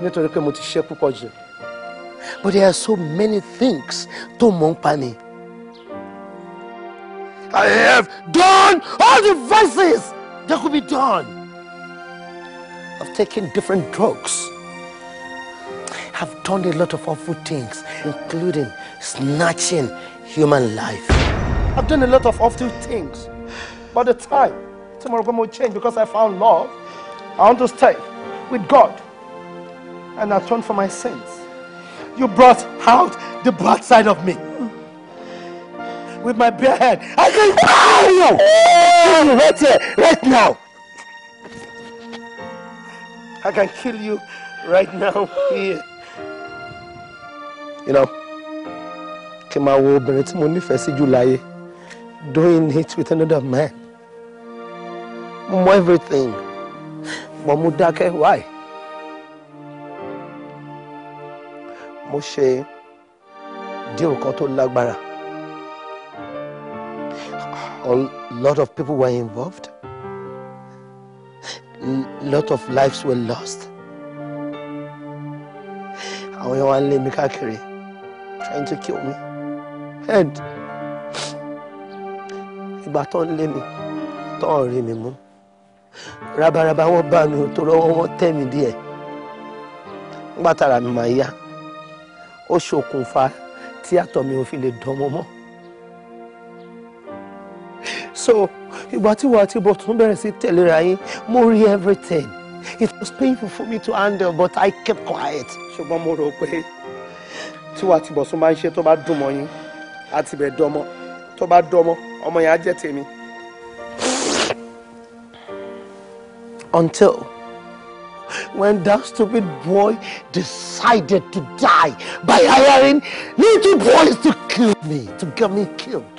nítorí pé mo ti ṣe púpọ̀ jù but there are so many things tó mọ̀ ń pa mi. I have done all the vices that could be done. I've taken different drugs. I've done a lot of awful things, including snatching human life. I've done a lot of awful things. By the time, tomorrow come, will change because I found love. I want to stay with God. And atone for my sins. You brought out the bad side of me. With my bare head. I can kill you! right here, right now. I can kill you right now here. You know, came out máa wo obìnrin first mo nífẹ̀ẹ́ doing it with another man. mọ everything but mo dákẹ́ why mo ṣe díẹ̀ nǹkan tó lágbára a lot of people were involved a lot of lives were lost àwọn yẹn wá ń lé mi káàkiri trying to kill me and ìgbà tó ń lé mi tó ń rí mi mú rabaraba wọn bá mi tó lọ́wọ́ wọn tẹ̀ mí díẹ̀ nígbà mi máa yá ó ṣokùnfà tí àtọ̀ mi ò fi lè dánmọ́ mọ́ so ìgbà tí wàá ti bọ̀ tún bẹ̀rẹ̀ sí tẹ̀léra yín mo rí everything it was painful for me to handle but I kept quiet. ṣùgbọ́n mo rò pé tí wàá ti bọ̀ tún máa ń ṣe tó bá dùn mọ́ yín àti bẹ̀ dánmọ́ tó bá dánmọ́ ọmọ yẹn á jẹ́ tèmi. Until when that stupid boy decided to die by hiring little boys to kill me, to get me killed.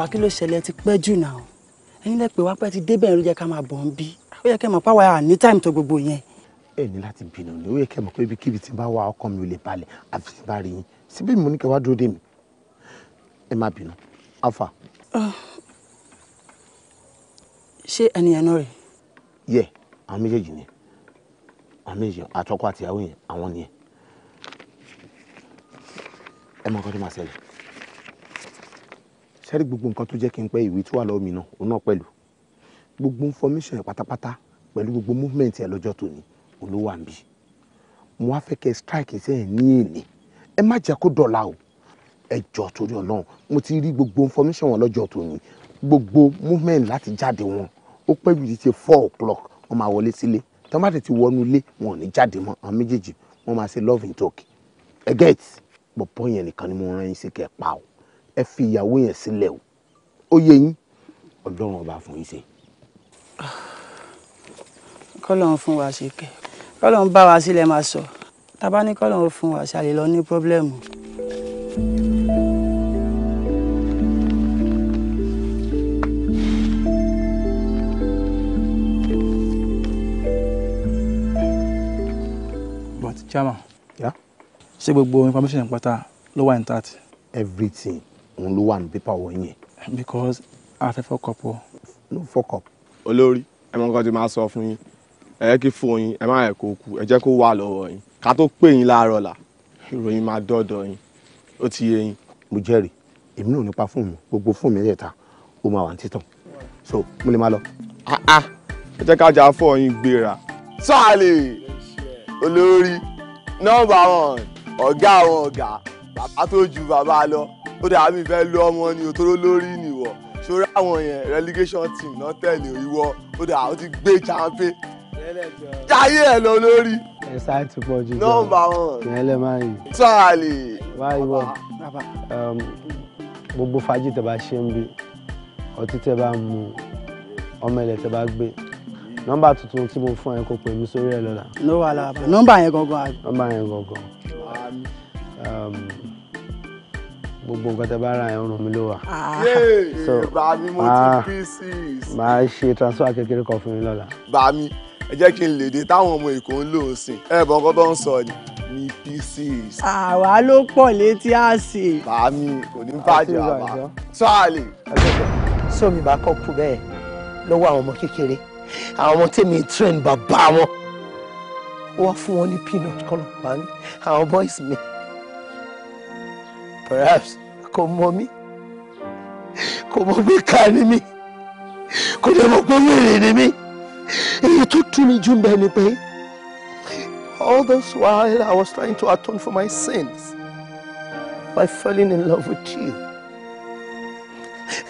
wá kí ló ṣẹlẹ̀ ti pẹ́ jù náà ẹ̀yin lẹ pè wá pẹ́ ti débẹ̀ ló jẹ́ ká máa bọ̀ ń bí ó yẹ kẹ́ mọ̀ pàwọ́ à ní táìmù tó gbogbo yẹn. ẹ ní láti bínú ni ó yẹ kẹ́ mọ̀ pé ibikíbi tí bá wà ọkọ mi ò lè balẹ̀ àfi tí bá rí yín síbí mo ní kẹ́ wá dúró dé mi ẹ má bínú alfa. ṣé ẹnìyẹn náà rè. yẹ àwọn méjèèjì ni àwọn méjèèjì àtọkọ àtìyàwó yẹn àwọn nìyẹn ẹ mọ nǹkan tó máa ṣẹlẹ̀ ṣẹ́rí gbogbo nǹkan tó jẹ́ kí n pẹ́ ìwé tó wà lọ́wọ́ mi náà òun náà pẹ̀lú gbogbo information ẹ̀ pátápátá pẹ̀lú gbogbo movement ẹ̀ lọ́jọ́ tòní olówó àmì mo wá fẹ́ kẹ́ strike sẹ́yìn ní èlé ẹ má jẹ́ kó dọ̀la o ẹ jọ torí ọlọ́run mo ti rí gbogbo information wọn lọ́jọ́ tòní gbogbo movement láti jáde wọn ó pẹ́ ju ti four o'clock wọ́n máa wọlé sílé tí wọ́n bá ti wọnú ilé wọn ò ní jáde mọ́ àwọn méjèèjì wọ́n máa ṣe love and talk ẹ get bọ̀ pọ́yìn ẹnìkan ni mo rán yín sí kẹ́ ẹ pa o ẹ fi ìyàwó yẹn sílẹ̀ o ó yé yín ọlọ́run ọba fún yín ṣe. kọ́lọ́n fún wa ṣe kẹ́ kọ́lọ́n bá wa sílẹ̀ máa sọ tábà ní kọ́lọ́n fún wa ṣàlè lọ ní pọ́blẹ́mù. chairman ṣé gbogbo information pátá ló wà ní thirty. everything òun ló wà ní pépà wọ̀ yẹn. because a fẹ́ fọkọ̀ pọ̀. no fọkọ̀. olórí ẹ mọ nǹkan tí màá sọ fún yín ẹ yẹ kí fún yín ẹ má yẹ kó kú ẹ jẹ́ kó wà lọ́wọ́ yín ká tó pè yín láàárọ̀ là ìròyìn máa dọ́dọ̀ yín ó ti yé yín. mo jẹ́rìí èmi náà nípa fóònù gbogbo fóònù mi lẹ́ẹ̀ta ó máa wà ní títàn so mo lè máa lọ. Ah, ah. ẹ jẹ́ ká jà fọ́ yín gbéra sọ́ọ̀lì olórí nọ́mbà wọn ọ̀gá wọn ọ̀gá bàbá tó ju bàbá lọ ó dà mí fẹ́ lo ọmọ ni òtóró lórí nìwọ sórí àwọn yẹn relegation team náà tẹ̀lé ìwọ ó dà ó ti gbé champion jayé ẹ lọ lórí. ẹ ṣáà ti pọ̀ jù jọ nọ́mbà wọn ìyẹn lè máa yìí. sọ́ọ̀lì. wáyé wọ gbogbo fàájì tẹ́ bá ṣe ń bí ọtí tẹ́ bá mu ọmọ ilẹ̀ tẹ́ bá gbé nọ́mbà tuntun tí mo fún ẹ kó pè mí sórí ẹ lọ́la. ló wà lára nọ́mbà yẹn gangan. nọ́mbà yẹn gangan gbogbo nǹkan tẹ́ bá ra ẹ̀ ah. so pieces. máa ah, ṣe transfer kékeré kan fún mi lọ́la. bá mi ẹ jẹ́ kí n lè dé táwọn ọmọ èkó ń lò ó sìn ẹ bọ̀ nǹkan tó ń sọ ni mi pieces. àwa ló pọ̀ létí àsè. bá mi kò ní bàjẹ́ àbá tó àlè. sómi bá kọ́ kú bẹ́ẹ̀ lọ́wọ́ àwọn ọmọ kékeré àwọn ọmọ tèmi train bàbá wọn wọ́n fún wọn ní peanut kọ́lọ̀ pa ní àwọn boys mi perhaps come mommy, come kò kind pé me, ni mí kò dẹ̀ mọ̀ pé wèrè ni mí èyí tó tú mi jù bẹ́ẹ̀ ni pé all those while I was trying to atone for my sins by falling in love with you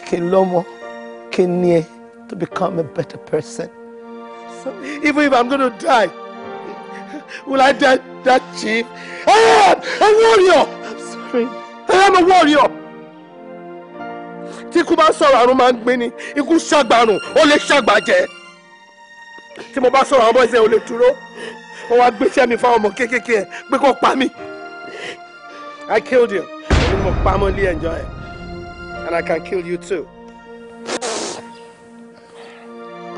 kí n lọ́mọ kí n ní ẹ to become a better person so even if I'm gonna die will I die that cheap I am a warrior I'm sorry. I am a warrior. Tí ikú bá ń sọ̀rọ̀ àrùn máa ń gbé ni, ikú ṣàgbàrùn, ó lè ṣàgbàjẹ́. Tí mo bá sọ̀rọ̀ àwọn ọmọ ẹ̀sẹ̀ ò lè dúró, wọ́n wá gbéṣẹ́ mi fáwọn ọmọ kéékèèké ẹ̀ pé kó pa mí. I killed you. Ni mo pa mọ́ ilé ẹ̀jọ́ And I can kill you too.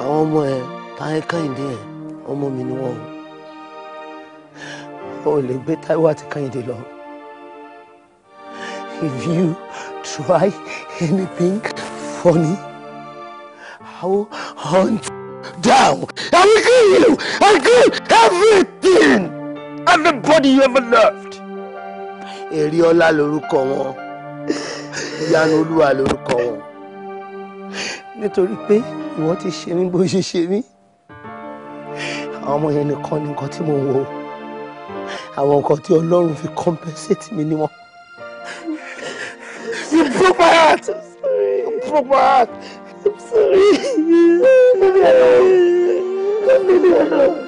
Àwọn ọmọ ẹ̀ táyé kẹ́hìndé ẹ̀ ọmọ mi ni wọ́n. O lè gbé Táíwò àti kẹ́hìndé lọ. If you try anything funny, I will hunt down. I will kill you. I will kill everything. Everybody you ever loved. Eriola lorúkọ wọn. Ìyanu Olúwa lorúkọ wọn. Nitori pe, ìwọ ti ṣe mí bó ṣe ṣe mí. Àwọn ọmọ yẹn nìkan ni nǹkan tí mo wò. Àwọn nǹkan tí Ọlọ́run fi compensate mi ni wọ́n. I'm broke my heart. I'm sorry. I'm broke my heart. I'm sorry. Leave me alone. Don't leave me alone.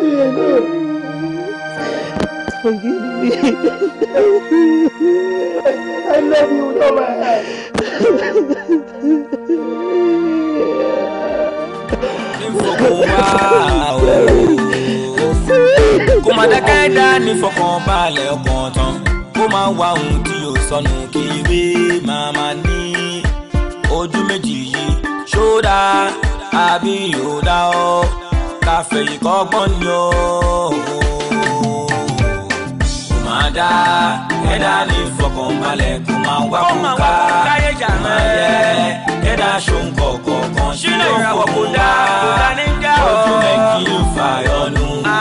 leave me alone. Forgive me. I, I love you with all my heart. Wow. ẹ̀dá ní fọkànbalẹ̀ ọkàn tán ó máa ń wá ohun tí yóò sọnù kiri màmá ní ojú méjì yìí ṣódà àbí yòódà ọ́ káfẹ̀yìn kọ́gbọ́n ni ó máa dá ẹ̀dá ní fọkànbalẹ̀ kó máa wá kúkà máa yẹ ẹ̀dá ṣòǹkọ̀ kọ̀ọ̀kan tí ó fọwọ́ wá ojú ẹ̀ kí n fàyọnu ah.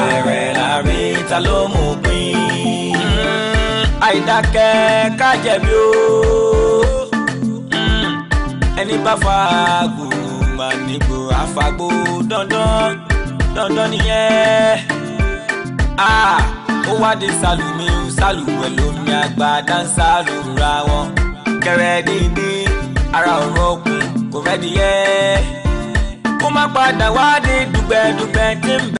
ìbẹ̀rẹ̀ láre ta ló mú pín. Mm, àìdákẹ́ ká jẹ̀bi o mm, ẹni bá fa gbùrù mànígbò àfagbó dandan dandan nìyẹn ah, ó wá dé sálùmí sálùwẹ̀ lómi àgbà dáńsá ló ra wọn kẹrẹ́dínní ara ọ̀rọ̀ okùn kò rẹ́díyẹ́ kó má padà wá di dùgbẹ̀dùgbẹ̀ tí ń bẹ.